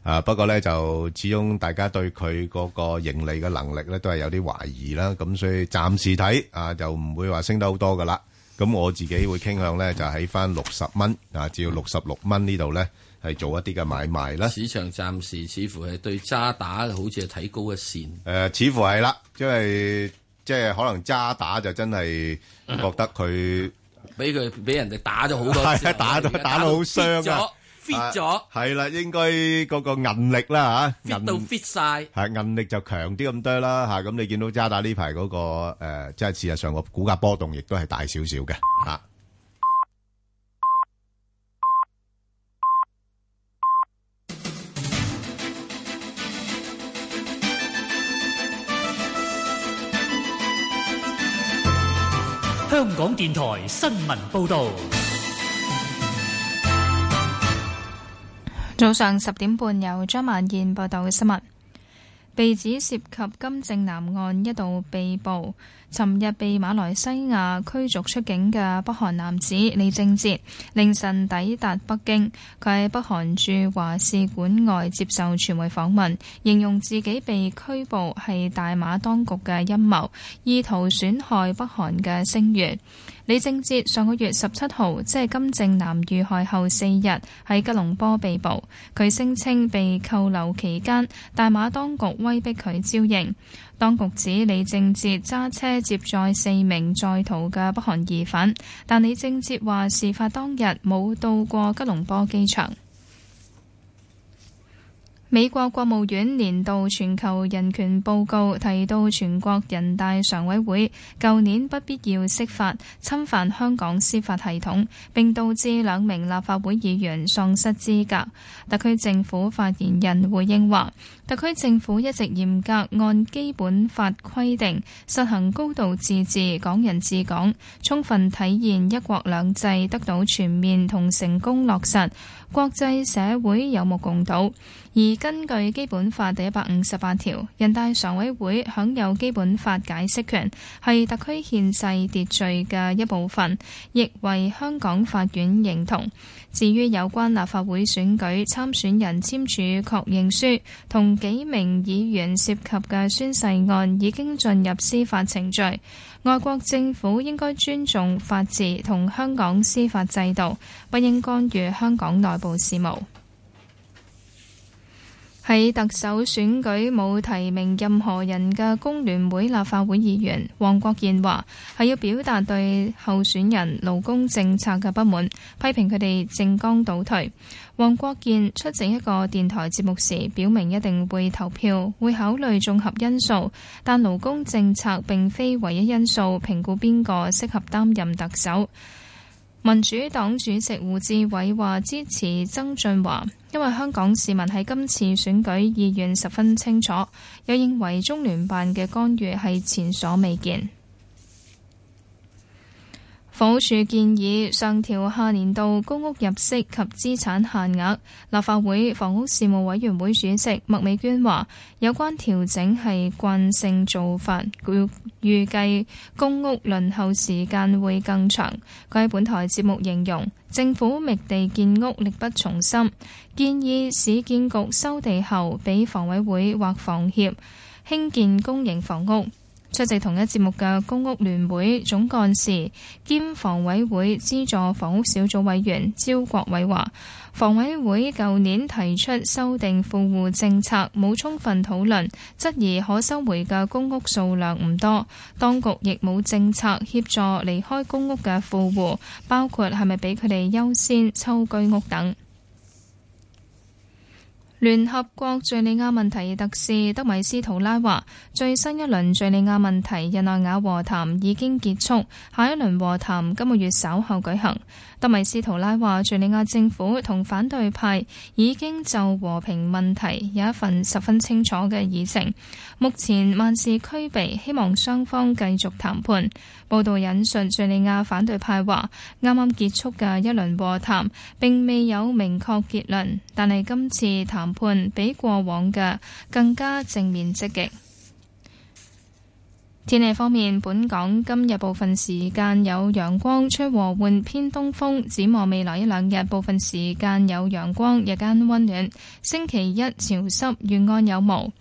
啊，不過咧就始終大家對佢嗰個盈利嘅能力咧都係有啲懷疑啦。咁所以暫時睇啊，就唔會話升得好多噶啦。咁我自己會傾向咧就喺返六十蚊啊，只要六十六蚊呢度咧，係做一啲嘅買賣啦，市場暫時似乎係對渣打好似係睇高一線。誒，似乎係啦，因為即係可能渣打就真係覺得佢俾佢俾人哋打咗好多，打咗打到好傷咗，fit 咗。係啦，應該嗰個韌力啦吓，fit 到 fit 晒。係韌力就強啲咁多啦吓，咁你見到渣打呢排嗰個誒，即係事實上個股價波動亦都係大少少嘅嚇。香港電台新聞報道。早上十點半，由張萬燕報道嘅新聞。被指涉及金正男案一度被捕，尋日被馬來西亞驅逐出境嘅北韓男子李正哲凌晨抵達北京，佢喺北韓駐華使館外接受傳媒訪問，形容自己被拘捕係大馬當局嘅陰謀，意圖損害北韓嘅聲譽。李正哲上個月十七號，即係金正男遇害後四日，喺吉隆坡被捕。佢聲稱被扣留期間，大馬當局威逼佢招認。當局指李正哲揸車接載四名在逃嘅北韓疑犯，但李正哲話事發當日冇到過吉隆坡機場。美國國務院年度全球人權報告提到，全國人大常委會舊年不必要釋法侵犯香港司法系統，並導致兩名立法會議員喪失資格。特區政府發言人回應話，特區政府一直嚴格按基本法規定實行高度自治，港人治港，充分體現一國兩制，得到全面同成功落實，國際社會有目共睹。而根據基本法第一百五十八條，人大常委會享有基本法解釋權，係特區憲制秩序嘅一部分，亦為香港法院認同。至於有關立法會選舉參選人簽署確認書同幾名議員涉及嘅宣誓案，已經進入司法程序。外國政府應該尊重法治同香港司法制度，不應干預香港內部事務。喺特首選舉冇提名任何人嘅工聯會立法會議員黃國健話，係要表達對候選人勞工政策嘅不滿，批評佢哋政綱倒退。黃國健出席一個電台節目時，表明一定會投票，會考慮綜合因素，但勞工政策並非唯一因素，評估邊個適合擔任特首。民主黨主席胡志偉話支持曾俊華，因為香港市民喺今次選舉意願十分清楚，又認為中聯辦嘅干預係前所未見。房署建議上調下年度公屋入息及資產限額。立法會房屋事務委員會主席麥美娟話：有關調整係慣性做法，預計公屋輪候時間會更長。喺本台節目形容，政府覓地建屋力不從心，建議市建局收地後俾房委會或房協興建公營房屋。出席同一節目嘅公屋聯會總幹事兼房委會資助房屋小組委員招國偉話：房委會舊年提出修訂富戶政策，冇充分討論，質疑可收回嘅公屋數量唔多，當局亦冇政策協助離開公屋嘅富戶，包括係咪俾佢哋優先抽居屋等。聯合國敍利亞問題特使德米斯圖拉話：最新一輪敍利亞問題日內瓦和談已經結束，下一輪和談今個月稍後舉行。德米斯圖拉話：敍利亞政府同反對派已經就和平問題有一份十分清楚嘅議程。目前萬事俱備，希望雙方繼續談判。報道引述敍利亞反對派話：啱啱結束嘅一輪和談並未有明確結論，但係今次談判比過往嘅更加正面積極。天氣方面，本港今日部分時間有陽光，吹和緩偏東風。展望未來一兩日，部分時間有陽光，日間温暖。星期一潮濕，沿岸有霧。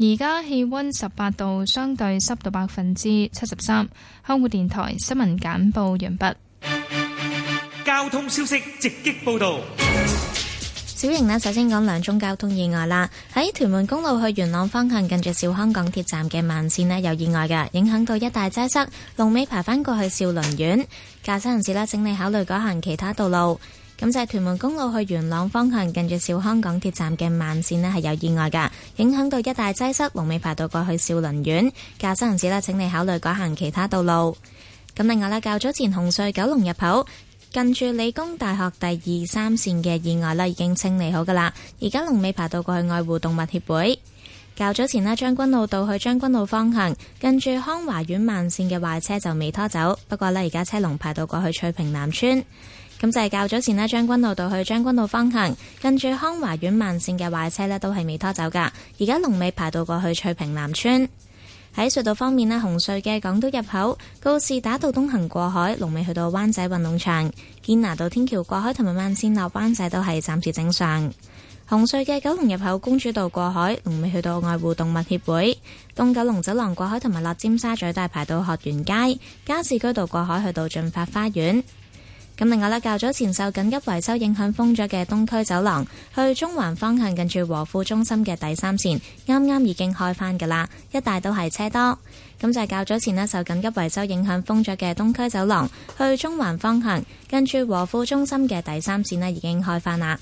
而家氣温十八度，相對濕度百分之七十三。香港電台新聞簡報完畢，完畢。交通消息直擊報道。小瑩呢，首先講兩宗交通意外啦。喺屯門公路去元朗方向，近住兆康港鐵站嘅慢線呢，有意外嘅，影響到一大擠塞，龍尾排返過去兆麟苑，駕駛人士呢，請你考慮改行其他道路。咁就係屯門公路去元朗方向，近住兆康港鐵站嘅慢線呢，係有意外嘅，影響到一大擠塞，龍尾排到過去兆麟苑，駕駛人士呢，請你考慮改行其他道路。咁另外呢，較早前紅隧九龍入口，近住理工大學第二三線嘅意外呢，已經清理好噶啦。而家龍尾排到過去愛護動物協會。較早前呢將軍澳到去將軍澳方向，近住康華苑慢線嘅壞車就未拖走。不過呢，而家車龍排到過去翠屏南村。咁就係較早前呢將軍澳到去將軍澳方向，近住康華苑慢線嘅壞車呢都係未拖走噶。而家龍尾排到過去翠屏南村。喺隧道方面呢，紅隧嘅港島入口告士打道東行過海，龍尾去到灣仔運動場；堅拿道天橋過海同埋慢線落灣仔都係暫時正常。紅隧嘅九龍入口公主道過海，龍尾去到愛護動物協會；東九龍走廊過海同埋落尖沙咀大排到學園街；加士居道過海去到駿發花園。咁另外咧，較早前受緊急維修影響封咗嘅東區走廊，去中環方向近住和富中心嘅第三線，啱啱已經開返㗎喇，一帶都係車多。咁就較早前咧，受緊急維修影響封咗嘅東區走廊，去中環方向近住和富中心嘅第三線咧，已經開返喇。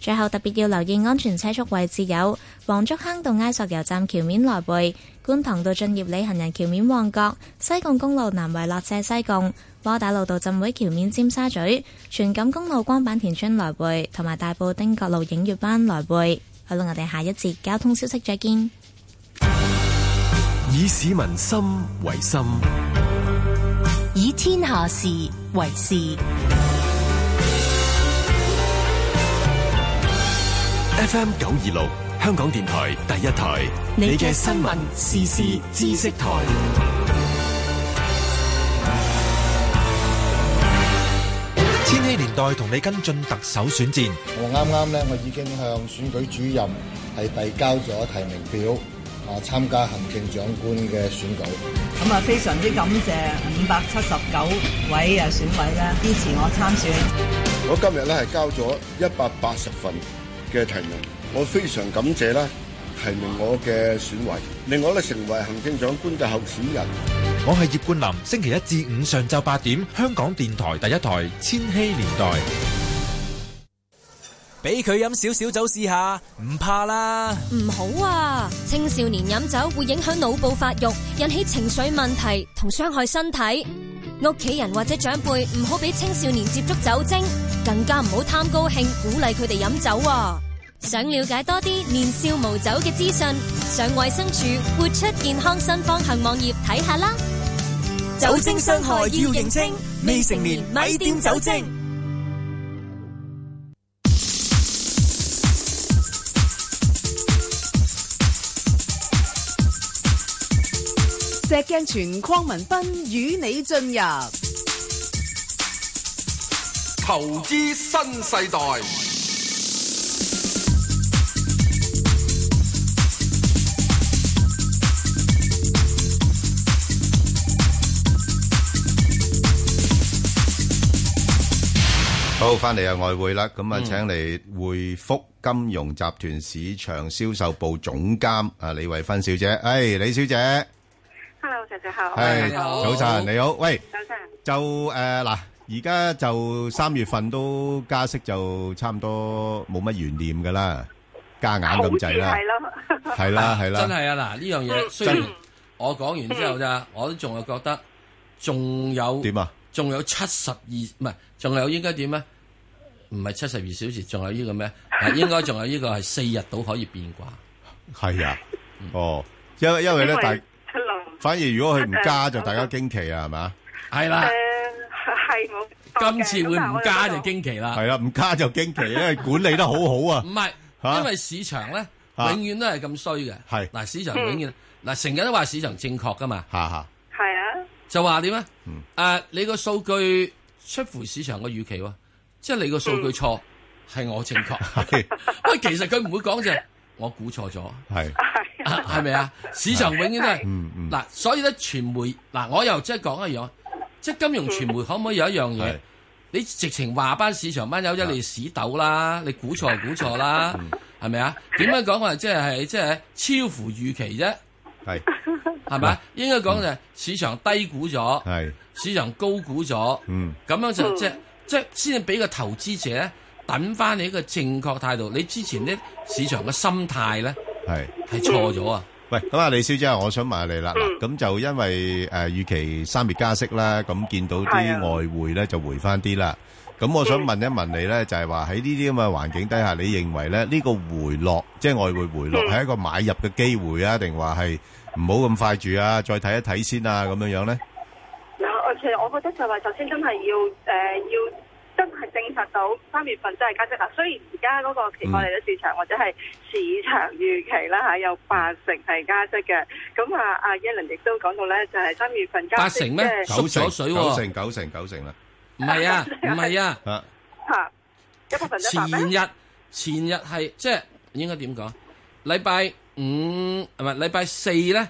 最後特別要留意安全車速位置，有黃竹坑道埃索油站橋面來回，觀塘道駿業里行人橋面旺角，西貢公路南圍落斜西貢，西貢，窩打老道浸會橋面尖沙咀，全錦公路光板田村來回同埋大埔汀角路映月灣來回。好啦，我哋下一節交通消息再見。以市民心為心，以天下事為事。FM 九二六，香港電台第一台，你嘅新聞時事知識台。千禧年代同你跟進特首選戰。我啱啱咧，我已經向選舉主任係遞交咗提名表，啊，參加行政長官嘅選舉。咁啊，非常之感謝五百七十九位啊選委咧支持我參選。我今日咧係交咗一百八十份。嘅提名，我非常感謝啦！提名我嘅選委，令我咧成為行政長官嘅候選人。我係葉冠霖，星期一至五上晝八點，香港電台第一台千禧年代。俾佢飲少少酒試下，唔怕啦。唔好啊！青少年飲酒會影響腦部發育，引起情緒問題同傷害身體。屋企人或者長輩唔好俾青少年接觸酒精，更加唔好貪高興鼓勵佢哋飲酒啊。想了解多啲年少無酒嘅資訊，上衛生署活出健康新方向網頁睇下啦。酒精傷害要認清，未成年咪掂酒精。石鏡泉、鄺民彬與你進入投資新世代。好，翻嚟啊！外匯啦，咁啊，請嚟匯福金融集團市場銷售部總監啊，李慧芬小姐。誒、hey，李小姐。hello，陳生好，你好，早晨，你好喂，早晨就誒嗱，而家就三月份都加息就差唔多冇乜懸念噶啦，加硬咁滯啦，係咯，係啦，係啦，真係啊嗱呢樣嘢，雖然我講完之後咋，我都仲係覺得仲有點啊，仲有七十二唔係，仲有應該點咧？唔係七十二小時，仲有呢個咩？應該仲有呢個係四日到可以變啩？係啊，哦，因為因為咧大。反而如果佢唔加就大家驚奇啊，係咪？係啦，係冇。今次會唔加就驚奇啦，係啦，唔加就驚奇，因為管理得好好啊。唔係，因為市場咧永遠都係咁衰嘅。係嗱，市場永遠嗱成日都話市場正確㗎嘛。嚇嚇。係啊。就話點啊？誒，你個數據出乎市場嘅預期喎，即係你個數據錯，係我正確。喂，其實佢唔會講就。我估錯咗，係係咪啊是是？市場永遠都係嗱、啊，所以咧傳媒嗱、啊，我又即係講一樣，即係金融傳媒可唔可以有一樣嘢？是你直情話班市場班友仔你屎竇啦，你估錯就估錯啦，係咪啊？點樣講話？即係即係超乎預期啫，係係咪啊？是是 (laughs) 應該講就係市場低估咗，係是市場高估咗，是嗯，咁樣就，就，就即係即係先至俾個投資者。等翻你一個正確態度，你之前咧市場嘅心態咧係係錯咗啊！喂，咁啊李小姐，我想問下你啦，咁就因為誒預期三月加息啦，咁見到啲外匯咧就回翻啲啦。咁我想問一問你咧，就係話喺呢啲咁嘅環境底下，你認為咧呢個回落，即係外匯回落，係一個買入嘅機會啊，定話係唔好咁快住啊，再睇一睇先啊，咁樣樣咧？嗱，我其實我覺得就係話首先真係要誒要。證實到三月份真係加息啦。所以而家嗰個期貨嚟嘅市場或者係市場預期啦，吓有八成係加息嘅。咁啊，阿耶倫亦都講到咧，就係三月份加息八成咩？即係縮水九成九成九成啦。唔係啊，唔係啊，吓前日前日係即係應該點講？禮拜五係咪禮拜四咧？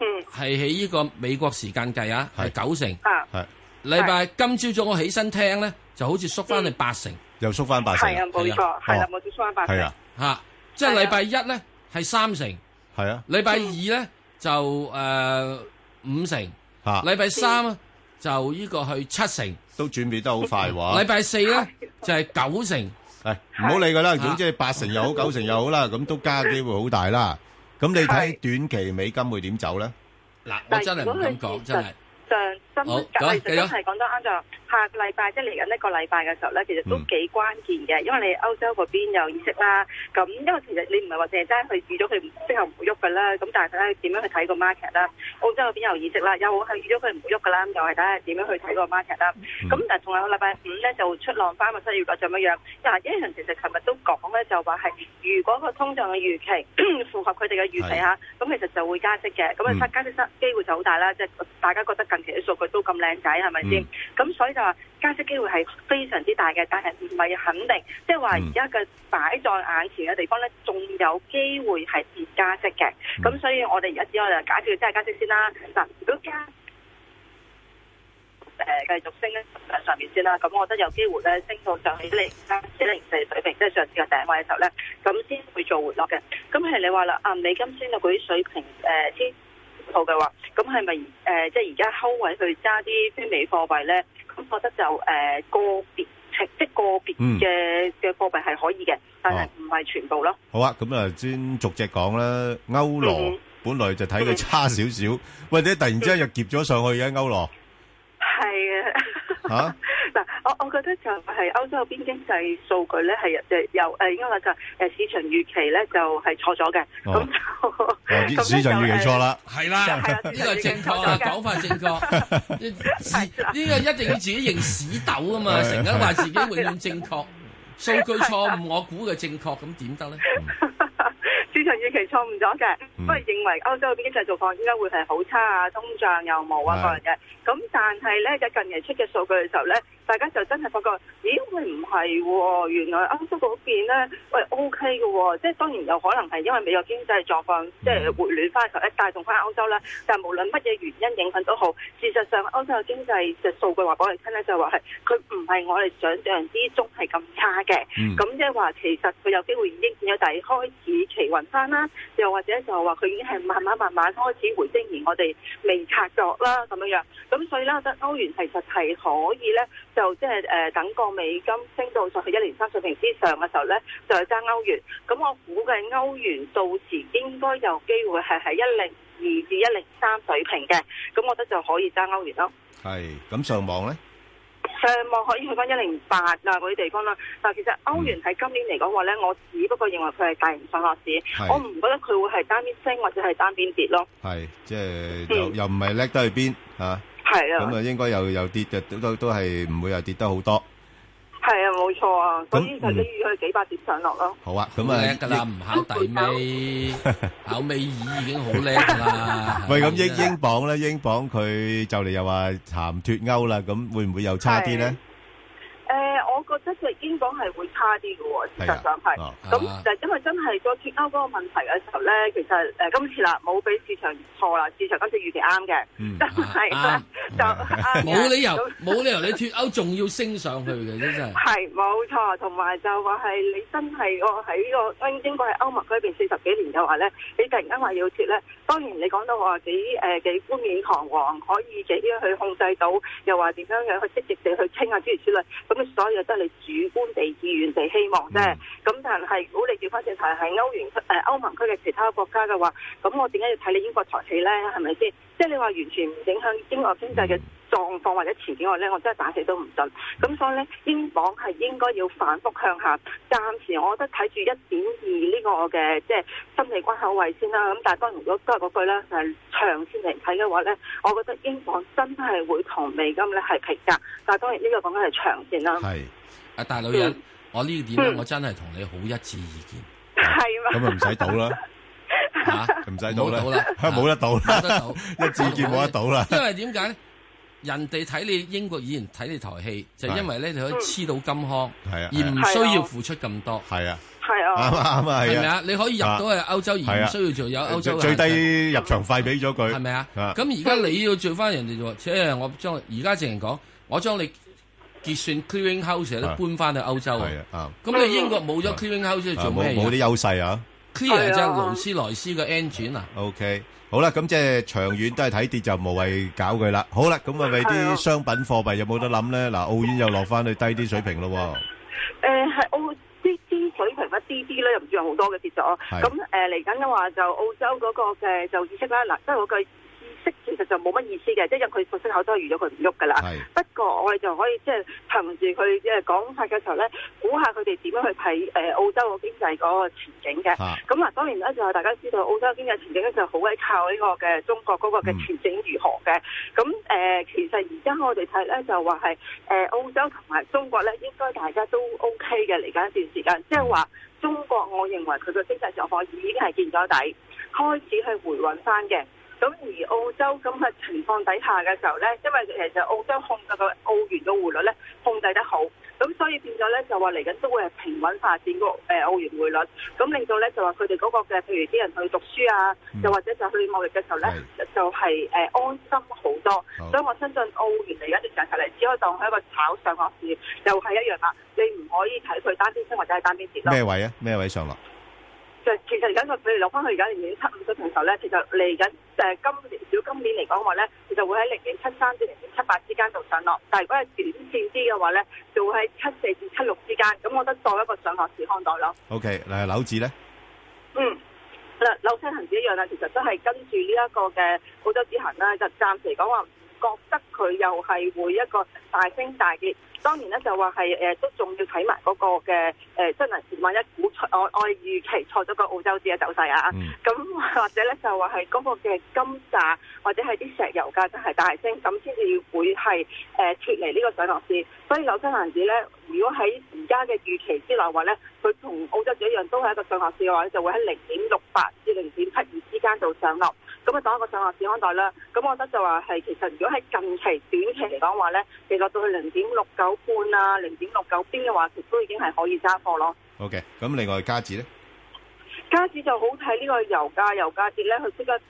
嗯，係喺呢個美國時間計啊，係九成。啊，係禮拜今朝早我起身聽咧。就好似縮翻去八成，又縮翻八成。係啊，冇錯，係啦，冇跌縮翻八成。係啊，吓，即係禮拜一咧係三成，係啊，禮拜二咧就誒五成，吓，禮拜三就呢個去七成，都轉變得好快喎。禮拜四咧就係九成，係，唔好理佢啦。總之八成又好，九成又好啦，咁都加嘅機會好大啦。咁你睇短期美金會點走咧？嗱，我真係唔敢講，真係。好，繼續。下個禮拜即係嚟緊呢個禮拜嘅時候咧，其實都幾關鍵嘅，因為你歐洲嗰邊有議息啦，咁因為其實你唔係話淨係真係預咗佢唔適合唔喐㗎啦，咁但係睇點樣去睇個 market 啦、啊。澳洲嗰邊有議息啦，有好係預咗佢唔喐㗎啦，咁就係睇下點樣去睇個 market 啦、啊。咁、嗯、但係仲有禮拜五咧就出浪翻嘛，七月六就乜樣？嗱，央行其實琴日都講咧，就話係如果個通脹嘅預期 (coughs) 符合佢哋嘅預期嚇，咁的其實就會加息嘅，咁啊、嗯、加息嘅機會就好大啦，即係大家覺得近期嘅數據都咁靚仔，係咪先？咁、嗯、所以就。加息機會係非常之大嘅，但係唔係肯定，即係話而家嘅擺在眼前嘅地方咧，仲有機會係跌加息嘅。咁 (noise) 所以我哋而家只可以話假設即係加息先啦。嗱，如果加誒、呃、繼續升上上面先啦，咁我覺得有機會咧升到上去零三零四水平，即係上次嘅頂位嘅時候咧，咁先會做回落嘅。咁係你話啦，啊美金升到嗰啲水平誒先破嘅話，咁係咪誒即係而家拋位去揸啲非美貨幣咧？覺得就誒個別，即係個別嘅嘅貨幣係可以嘅，但係唔係全部咯。好啊，咁啊先逐隻講啦。歐羅本來就睇佢差少少，或者突然之間又夾咗上去嘅歐羅。係啊。吓？嗱，我我覺得就係歐洲邊經濟數據咧，係由由誒應該話就誒市場預期咧，就係錯咗嘅，咁就市場預期錯啦，係啦，呢個正確啊，講法正確，自呢個一定要自己認屎豆啊嘛，成日話自己永遠正確，數據錯誤我估嘅正確，咁點得咧？市場預期錯誤咗嘅，都係、嗯、認為歐洲嘅經濟狀況應該會係好差啊，通脹又冇啊嗰樣嘅。咁的但係咧，就近期出嘅數據嘅時候咧，大家就真係發覺，咦，佢唔係喎，原來歐洲嗰邊咧，喂 O K 嘅喎，即係當然有可能係因為美國經濟狀況即係回暖翻嘅時候咧帶動翻歐洲啦。但係無論乜嘢原因影響都好，事實上歐洲嘅經濟嘅數據話俾我哋聽咧，就話係佢唔係我哋想象之中係咁差嘅。咁即係話其實佢有機會已經有第開始企穩。翻啦，又或者就話佢已經係慢慢慢慢開始回升，而我哋未察覺啦咁樣樣。咁所以呢，我覺得歐元其實係可以呢，就即係誒等個美金升到上去一零三水平之上嘅時候呢，就去揸歐元。咁我估嘅歐元到時應該有機會係喺一零二至一零三水平嘅，咁我覺得就可以揸歐元咯。係，咁上網呢。誒，望可以去翻一零八啊，嗰啲地方啦。但係其實歐元喺今年嚟講話咧，我只不過認為佢係大型上落市，係我唔覺得佢會係單邊升或者係單邊跌咯。係，即係又、嗯、又唔係叻得去邊嚇？係啊，咁啊的應該又有，有跌嘅都都都係唔會係跌得好多。係啊，冇錯啊，所以就你預佢幾百點上落咯。好啊，咁啊叻㗎啦，唔考底尾，考尾二已經好叻㗎啦。喂，咁英英鎊咧，英鎊佢就嚟又話談脱歐啦，咁會唔會又差啲咧？誒。我覺得嘅英國係會差啲嘅、哦，事實上係。咁就、oh, 嗯、因為真係個脱歐嗰個問題嘅時候咧，其實誒、呃、今次啦冇俾市場錯啦，市場今次預期啱嘅，但係就冇理由冇 (laughs) 理由你脱歐仲要升上去嘅，真係。係冇錯，同埋就話係你真係我喺個英英國喺歐盟嗰邊四十幾年嘅話咧，你突然間話要脱咧，當然你講到話幾誒幾冠冕堂皇，可以自己去控制到，又話點樣樣去積極地去清啊諸如此類，咁所以。有得你主觀地意願地希望啫，咁但係如果你調翻轉頭係歐元誒歐盟區嘅其他國家嘅話，咁我點解要睇你英國財氣呢？係咪先？即係你話完全唔影響英國經濟嘅。狀況或者條件我咧，我真係打死都唔信。咁所以咧，英鎊係應該要反覆向下。暫時我覺得睇住一點二呢個嘅即係心理關口位先啦。咁但係當然如果都係嗰句咧，係長線嚟睇嘅話咧，我覺得英鎊真係會同美金咧係疲弱。但係當然呢個講緊係長線啦。係啊，大女人，我呢點我真係同你好一致意見。係嘛？咁咪唔使賭啦，嚇唔使賭啦，冇得賭啦，一致見冇得賭啦。因為點解咧？人哋睇你英國演員睇你台戲，就因為咧你可以黐到金康，而唔需要付出咁多。係啊，啱啊，係啊，你可以入到去歐洲而唔需要做有歐洲嘅最低入場費俾咗佢。係咪啊？咁而家你要做翻人哋喎，即係我將而家淨係講，我將你結算 clearing house 都搬翻去歐洲啊。咁你英國冇咗 clearing house 做咩？冇冇啲優勢啊？clearing 即係勞斯萊斯嘅 engine 啊？OK。好啦，咁即係長遠都係睇跌就無謂搞佢啦。好啦，咁啊，喂，啲商品貨幣有冇得諗咧？嗱，澳元又落翻去低啲水平咯。誒，係澳啲啲水平一啲啲咧，又唔算好多嘅跌咗。咁誒嚟緊嘅話就澳洲嗰個嘅就意識啦。嗱，即係我嘅。其實就冇乜意思嘅，即係佢個出口都係預咗佢唔喐㗎喇。是不過我哋就可以即係憑住佢誒講法嘅時候呢，估下佢哋點樣去睇誒、呃、澳洲個經濟嗰個前景嘅。咁啊是，當然啦，就大家知道澳洲經濟前景咧就好係靠呢、這個嘅中國嗰個嘅前景如何嘅。咁誒、嗯嗯，其實而家我哋睇呢，就話係誒澳洲同埋中國呢，應該大家都 OK 嘅嚟緊一段時間，嗯、即係話中國，我認為佢嘅經濟狀況已經係見咗底，開始去回穩返嘅。咁而澳洲咁嘅情況底下嘅時候咧，因為其實澳洲控制個澳元嘅匯率咧，控制得好，咁所以變咗咧就話嚟緊都會係平穩發展個誒澳元匯率，咁令到咧就話佢哋嗰個嘅譬如啲人去讀書啊，又或者就去貿易嘅時候咧，嗯、就係誒安心好多。是所以我相信澳元嚟緊就上曬嚟，只可以當佢一個炒上落市，又、就、係、是、一樣啦。你唔可以睇佢單邊升或者係單邊跌咯。咩位啊？咩位上落？其實嚟緊，佢哋落翻去而家零點七五嘅平手咧，其實嚟緊誒今年少今年嚟講話咧，其實會喺零點七三至零點七八之間做上落，但係如果係短線啲嘅話咧，就會喺七四至七六之間，咁我覺得作一個上落市看待咯。OK，嗱樓指咧，嗯，嗱樓市行市一樣啦，其實都係跟住呢一個嘅好多指行啦，就暫時嚟講話。覺得佢又係會一個大升大跌，當然咧就話係誒都仲要睇埋嗰個嘅誒、呃、新銀紙，萬一股錯我我預期錯咗個澳洲紙嘅走勢啊，咁、mm. 或者咧就話係嗰個嘅金價或者係啲石油價真係大升，咁先至會係誒脫離呢個上落市。所以有新銀紙咧，如果喺而家嘅預期之內話咧，佢同澳洲紙一樣都係一個上落市嘅話，就會喺零點六八至零點七二之間度上落。咁啊，當一個上下市看待啦。咁、嗯、我覺得就話係其實如，如果喺近期短期嚟講話咧，其實到去零點六九半啊、零點六九邊嘅話，其實都已經係可以揸貨咯。OK，咁、嗯、另外加紙咧，加紙就好睇呢個油價，油價跌咧，佢即刻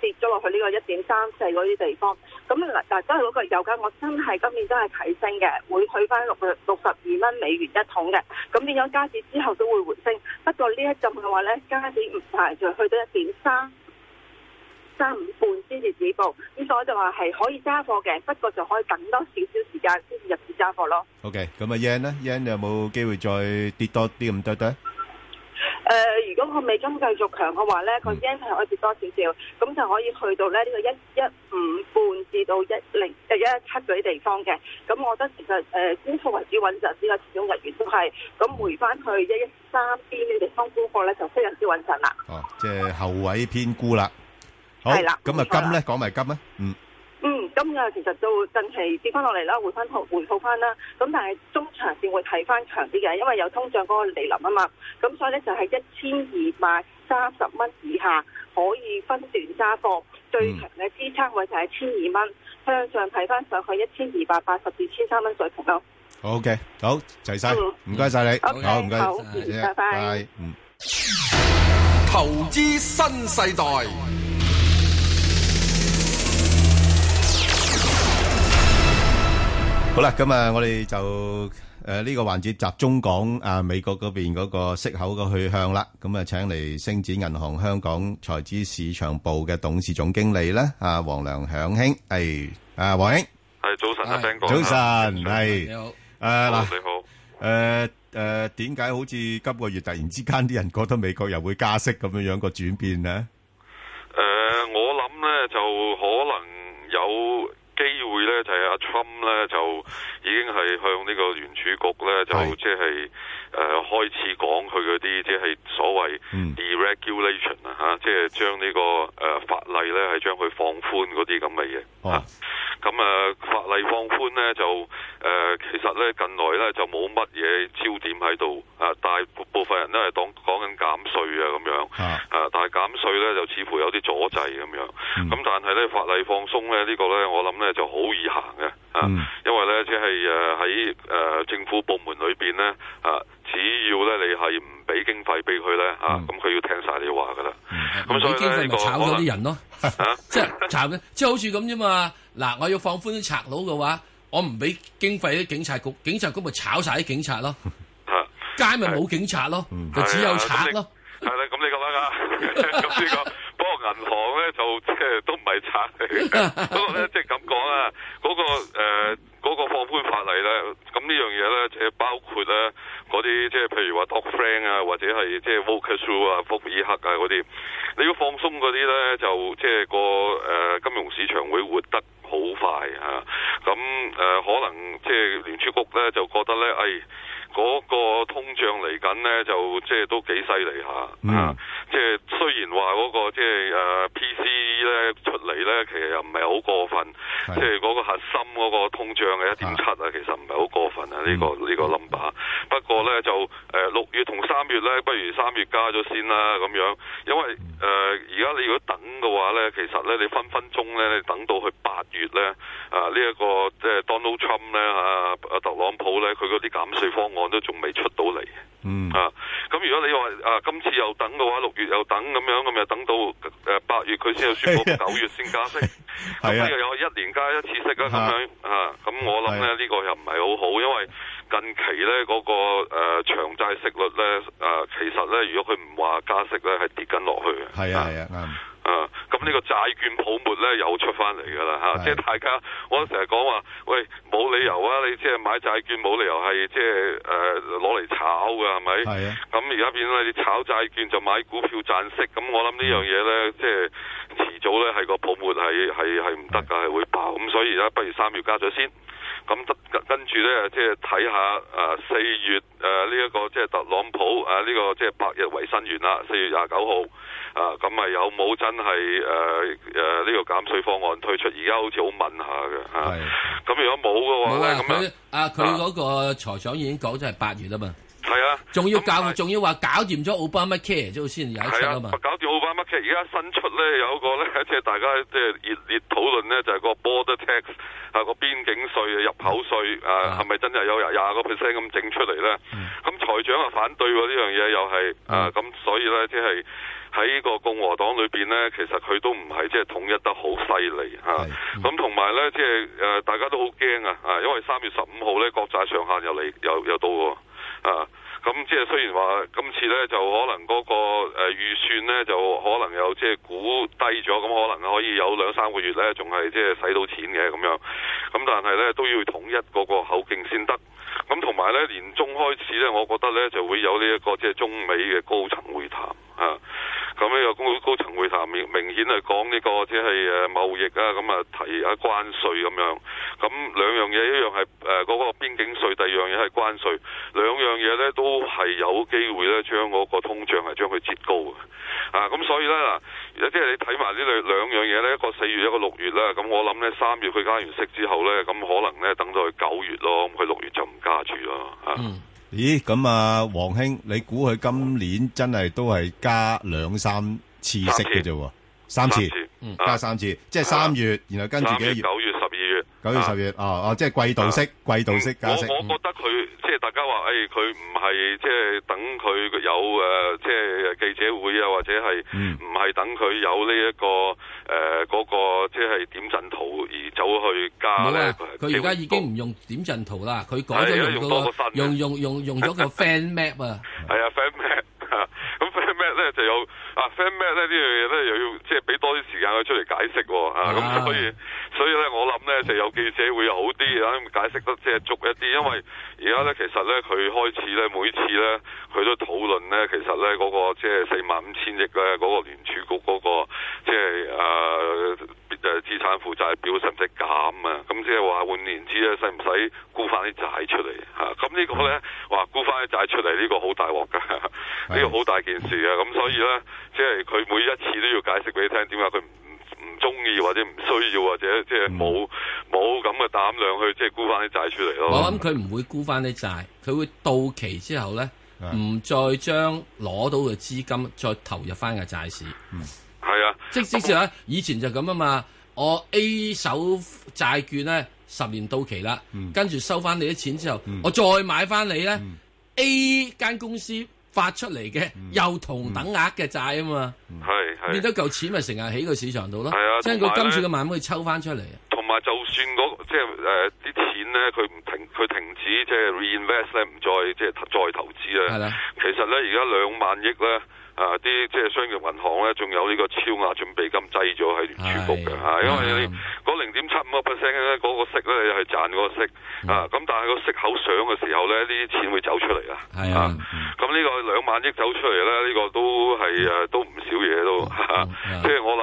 跌咗落去呢個一點三四嗰啲地方。咁嗱，但真係嗰個油價，我真係今年真係睇升嘅，會去翻六六十二蚊美元一桶嘅。咁變咗加紙之後都會回升，不過一呢一陣嘅話咧，加紙唔排除去到一點三。三五半先至止步，咁所以就話係可以揸貨嘅，不過就可以等多少少時間先至入市揸貨咯。O K，咁啊 yen 呢 y e n 你有冇機會再跌多啲咁多多？誒、呃，如果佢美金繼續強嘅話咧，個 yen 係可以跌多少少，咁就可以去到咧呢、這個一一五半至到一零一一七嗰啲地方嘅。咁我覺得其實誒沽貨為主穩陣，呢個始終日元都係咁回翻去一一三邊嘅地方沽貨咧，就非常之穩陣啦。哦，即係後位偏估啦。係啦，咁啊金咧，講埋金咧，嗯，嗯，金啊，其實就近期跌翻落嚟啦，回翻套，回吐翻啦，咁但係中長線會睇翻長啲嘅，因為有通脹嗰個來臨啊嘛，咁所以咧就係一千二百三十蚊以下可以分段揸貨，最強嘅支撐位就係千二蚊，向上睇翻上去一千二百八十至千三蚊水平咯。o、okay, k 好齊生，唔該晒你，好唔該，好，拜拜好，謝謝拜拜，嗯拜，投資新世代。嗯好啦，咁啊，我哋就誒呢個環節集中講啊美國嗰邊嗰個息口嘅去向啦。咁啊，請嚟星展銀行香港財資市場部嘅董事總經理咧，啊王良享兄，係啊黃兄，係早晨啊，早晨，係你好，誒嗱，誒誒，點解好似今個月突然之間啲人覺得美國又會加息咁樣樣個轉變呢？誒，我諗咧就可能有。機會咧就係阿 Trump 咧就已經係向個呢個聯儲局咧就即、就、係、是。誒、呃、開始講佢嗰啲即係所謂 deregulation、嗯、啊嚇，即係將呢、呢個誒、呃、法例咧係將佢放寬嗰啲咁嘅嘢。嚇、哦，咁誒、啊呃、法例放寬咧就誒、呃、其實咧近來咧就冇乜嘢焦點喺度啊，但係部分人都係講講緊減稅啊咁樣啊，但係減稅咧就似乎有啲阻滯咁樣。咁、嗯嗯、但係咧法例放鬆咧呢、呢個咧我諗咧就好易行嘅。啊，因為咧即係誒喺誒政府部門裏邊咧啊，只要咧你係唔俾經費俾佢咧啊，咁佢要聽晒你話噶啦。咁所以經費咪炒咗啲人咯，即係炒即係好似咁啫嘛。嗱，我要放寬啲賊佬嘅話，我唔俾經費啲警察局，警察局咪炒晒啲警察咯。啊，街咪冇警察咯，就只有賊咯。係啦，咁你覺得，咁先講。銀行咧就即係都唔係賊嚟㗎，不過咧即係咁講啊，嗰、就是那個誒嗰、呃那個放寬法例咧，咁呢樣嘢咧，即係包括咧嗰啲即係譬如話 Dodd-Frank 啊，或者係即係、就是、Volcker 啊、福爾克啊嗰啲，你要放鬆嗰啲咧，就即係、就是那個誒、呃、金融市場會活得好快啊。咁誒、呃、可能即係聯儲局咧就覺得咧，誒、哎。嗰個通脹嚟緊咧，就即係都幾犀利嚇。嗯，啊、即係雖然話嗰個即係誒、啊、PC。咧出嚟咧，其實又唔係好過分，的即係嗰個核心嗰個通脹係一點七啊，其實唔係好過分啊，呢的、呢個呢個 number。的不過咧就誒六月同三月咧，不如三月加咗先啦咁樣，因為誒而家你如果等嘅話咧，其實咧你分分鐘咧等到去八月咧啊呢一、呃呢個即係 Donald Trump 咧嚇啊，特朗普咧佢嗰啲減稅方案都仲未出到嚟。嗯啊，咁如果你話啊、呃、今次又等嘅話，六月又等咁樣，咁又等到誒八、呃、月佢先有宣布九月先加息，咁又有一年加一次息啦咁樣、嗯、啊，咁我諗咧呢個又唔係好好，因為近期咧嗰個誒長債息率咧誒、呃、其實咧如果佢唔話加息咧係跌緊落去嘅，係啊係啊啊，咁呢個債券泡沫咧又出翻嚟㗎啦嚇，即係大家我成日講話，喂冇理由啊，你即係買債券冇理由係即係誒攞嚟炒㗎係咪？係啊。咁而家變咗你炒債券就買股票賺息，咁我諗呢樣嘢咧，即係遲早咧係個泡沫係係係唔得㗎，係會爆。咁所以而家不如三月加咗先，咁跟住咧即係睇下啊四月誒呢一個即係特朗普誒呢個即係百日維新完啦，四月廿九號啊，咁咪有冇真？係誒誒呢個減稅方案推出，而家好似好問下嘅吓。咁的、啊、如果冇嘅話咧，咁啊，啊佢嗰個財長已經講咗係八月啦嘛。係啊，仲要，教、嗯、要搞，仲要話搞掂咗奧巴馬 care 之後先有一啊搞掂奧巴馬 care 而家新出咧，有一個咧，即、就、係、是、大家即係熱熱討論咧，就係、是、個 border tax 啊個邊境稅、入口稅、嗯、啊，係咪真係有廿廿個 percent 咁整出嚟咧？咁財、嗯、長啊反對喎、這個、呢樣嘢，又係啊咁，所以咧即係喺個共和黨裏邊咧，其實佢都唔係即係統一得好犀利吓。咁同埋咧，即係誒，大家都好驚啊啊，因為三月十五號咧國債上限又嚟又又到。啊，咁即係雖然話今次呢，就可能嗰個誒預算呢，就可能有即係估低咗，咁可能可以有兩三個月呢，仲係即係使到錢嘅咁樣，咁但係呢，都要統一嗰個口徑先得，咁同埋呢，年中開始呢，我覺得呢，就會有呢一個即係中美嘅高層會談啊。咁咧個高高層會談明明顯係講呢個即係誒貿易啊，咁啊提啊關稅咁樣，咁兩樣嘢一樣係誒嗰個邊境稅，第二樣嘢係關稅，兩樣嘢咧都係有機會咧將嗰個通脹係將佢擠高嘅，啊咁所以咧嗱，即係你睇埋呢兩兩樣嘢咧，一個四月一個六月咧，咁我諗咧三月佢加完息之後咧，咁可能咧等到佢九月咯，咁佢六月就唔加住咯嚇。咦，咁啊，黃兄，你估佢今年真係都係加兩三次息嘅啫，三次，三次嗯，啊、加三次，即係三月，啊、然後跟住幾多月？九月十月哦、啊、哦，即係季度式，啊、季度式加息我我覺得佢即係大家話，誒，佢唔係即係等佢有誒，即係記者會啊，或者係唔係等佢有呢、這、一個誒嗰、呃那個即係點陣圖而走去加咧。佢而家已經唔用點陣圖啦，佢改咗用咗、那個用多個用用用咗個 Fan Map 啊。係啊，Fan Map 咁 (laughs) Fan Map 咧就有。啊、uh，Fan Man 咧呢樣嘢咧又要即係俾多啲時間佢出嚟解釋喎、哦，咁、啊啊、所以所以咧我諗咧就是、有記者會好啲解釋得即係足一啲，因為而家咧其實咧佢開始咧每次咧佢都討論咧其實咧嗰、那個即係四萬五千億咧嗰個聯儲局嗰、那個即係誒誒資產負債表使唔使減啊？咁即係話換言之咧，使唔使沽翻啲債出嚟嚇？咁、啊、呢、這個咧話沽翻啲債出嚟呢個好大鑊噶，呢個好大件事啊！咁所以咧。即係佢每一次都要解釋俾你聽，點解佢唔唔中意，或者唔需要，或者即係冇冇咁嘅膽量去即係沽翻啲債出嚟咯。我諗佢唔會沽翻啲債，佢會到期之後咧，唔的再將攞到嘅資金再投入翻嘅債市。嗯的，係啊是，即係即係以前就咁啊嘛。我 A 手債券咧十年到期啦，嗯、跟住收翻你啲錢之後，嗯、我再買翻你咧 A 間公司。發出嚟嘅、嗯、又同等額嘅債啊嘛，變咗嚿錢咪成日喺個市場度咯。即係佢今次個萬可以抽翻出嚟。同埋就算嗰即係誒啲錢咧，佢唔停佢停止即係 reinvest 咧，唔、即係、再即係、即係、再投資咧。啊、其實咧，而家兩萬億咧。啊！啲即係商業銀行咧，仲有呢個超額準備金擠咗喺聯儲局嘅嚇，是因為嗰零點七五個 percent 咧，嗰、嗯、個息咧係賺嗰個息，個息、嗯、啊。咁但係個息口上嘅時候咧，呢啲錢會走出嚟、嗯、啊。係啊、嗯，咁呢個兩萬億走出嚟咧，呢、這個都係誒、嗯、都唔少嘢都。即係我諗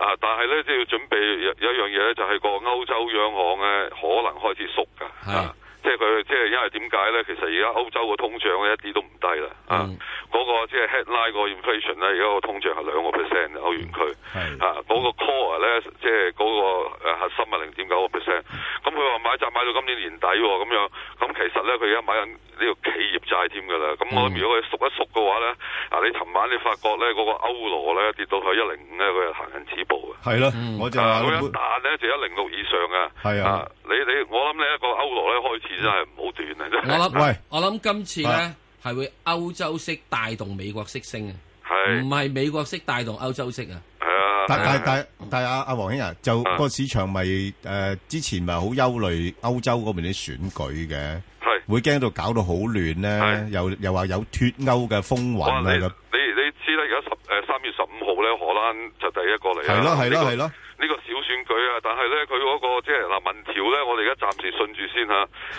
啊，但係咧即係要準備有一樣嘢咧，就係個歐洲央行咧可能開始縮㗎嚇。啊嗯即係佢，即係因為點解咧？其實而家歐洲嘅通脹咧一啲都唔低啦。啊，嗰個即係 headline 個 inflation 咧，而家個通脹係兩個 percent 歐元區。啊，嗰個 core 咧，即係嗰個核心係零點九個 percent。咁佢話買債買到今年年底喎，咁樣咁其實咧佢而家買緊呢個企業債添㗎啦。咁我諗如果佢縮一縮嘅話咧，嗱，你尋晚你發覺咧嗰個歐羅咧跌到去一零五咧，佢就行緊止步啊。係咯，我就一彈咧就一零六以上啊。係啊，你你我諗你一個歐羅咧開始。真係唔好斷啊！我諗，喂，我諗今次咧係會歐洲式帶動美國式升嘅，唔係美國式帶動歐洲式啊。係啊，但但但但阿阿鄺兄啊，就個市場咪誒之前咪好憂慮歐洲嗰邊啲選舉嘅，會驚到搞到好亂咧，又又話有脫歐嘅風雲啊！你你你知啦，而家十誒三月十五號咧，荷蘭就第一個嚟。係啦，係啦，係啦。佢啊，但係咧，佢嗰、那個即係嗱民調咧，我哋而家暫時順住先嚇。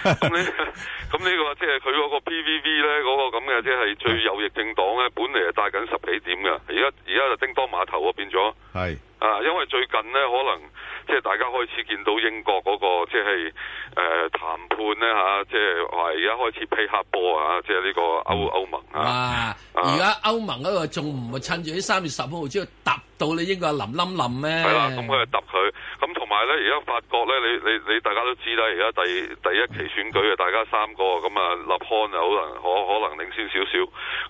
咁、 (laughs) 嗯這個、呢，咁、那、呢個即係佢嗰個 PVV 咧，嗰個咁嘅即係最右翼政黨咧，本嚟係帶緊十幾點嘅，而家而家就叮噹馬頭喎，變咗。係是啊，因為最近咧，可能即係大家開始見到英國嗰、那個即係誒談判咧嚇，即係話而家開始批黑波啊，即係呢個歐歐盟啊。而家歐盟嗰個仲唔會趁住啲三月十號之後揼？啊啊。到你應該阿林冧冧咧，係啦，咁佢就揼佢。咁同埋咧，而家法國咧，你你你大家都知啦。而家第第一期選舉啊，大家三個咁啊，勒龐就可能可可能領先少少。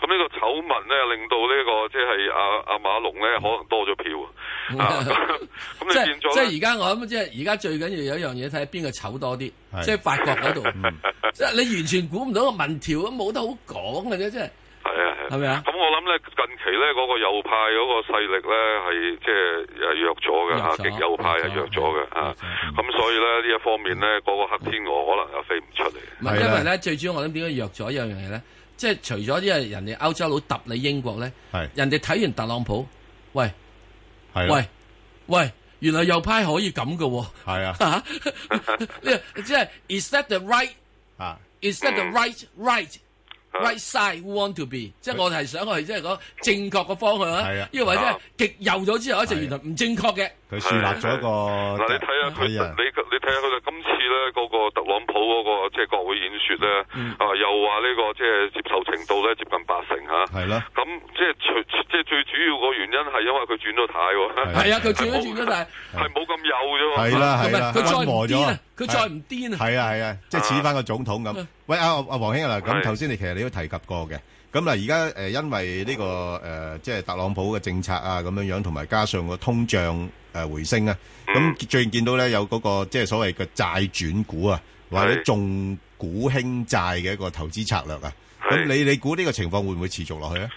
咁呢個醜聞咧，嗯、令到呢、這個即係阿阿馬龍咧，可能多咗票啊。咁即即係而家我諗、就是，即係而家最緊要有一樣嘢睇，邊個醜多啲。的即係法國嗰度，即、嗯、係、嗯、 (laughs) 你完全估唔到個民調都冇得好講嘅啫，即係。係啊，係咪啊？咁我諗咧，近期咧嗰個右派嗰個勢力咧係即係弱咗嘅吓，極右派係弱咗嘅啊。咁所以咧呢一方面咧，嗰個黑天鵝可能又飛唔出嚟。唔係，因為咧最主要我諗點解弱咗一樣嘢咧，即係除咗啲係人哋歐洲佬揼你英國咧，係人哋睇完特朗普，喂，係，喂，喂，原來右派可以咁噶？係啊，啊，即係 Is that the right？啊，Is that the right right？Right side want to be， (noise) 即係我係想去，即係講正確嘅方向。因為的或者極右咗之後，一直的原來唔正確嘅。佢樹立咗一個嗱，你睇下佢，你你睇下佢啦。今次咧嗰個特朗普嗰個即係國會演説咧，啊又話呢個即係接受程度咧，接近八成嚇。係啦，咁即係除即係最主要個原因係因為佢轉咗態喎。係啊，佢轉咗轉咗態係冇咁幼咋。係啦係啦，佢再和咗，佢再唔癲啊！係啊係啊，即係似翻個總統咁。喂啊啊，黃兄啊，咁頭先你其實你都提及過嘅。咁嗱，而家誒，因為呢、呢個誒、呃，即係特朗普嘅政策啊，咁樣樣，同埋加上個通脹誒回升啊，咁、嗯、最近見到咧，有嗰、嗰個即係所謂嘅債轉股啊，或者重股輕債嘅一個投資策略啊，咁、嗯、你你估呢個情況會唔會持續落去啊？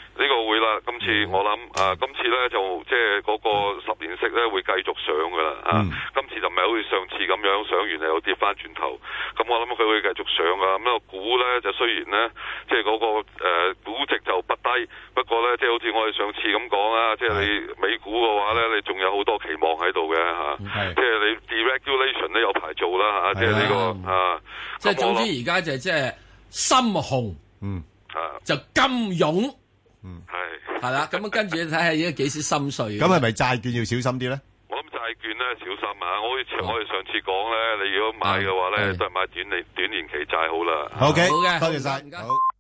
嗯、我諗誒，今次咧就即係嗰個十年息咧會繼續上噶啦吓，嗯、今次就唔係好似上次咁樣上完又跌翻轉頭，咁我諗佢會繼續上噶。咁呢個股咧就雖然咧、那個，即係嗰個誒估值，就不低，不過咧即係好似我哋上次咁講啦，是即係你美股嘅話咧，你仲有好多期望喺度嘅吓，即係你 deregulation 都有排做啦吓，即係呢個啊。即係總之而家就即係深紅，嗯，啊、就金融。嗯，係係啦，咁跟住你睇下而家幾時心碎。咁係咪債券要小心啲咧？我諗債券咧小心啊！我好似我哋上次講咧，你如果買嘅話咧，都係買短年短年期債好啦。ok，好嘅，多謝晒。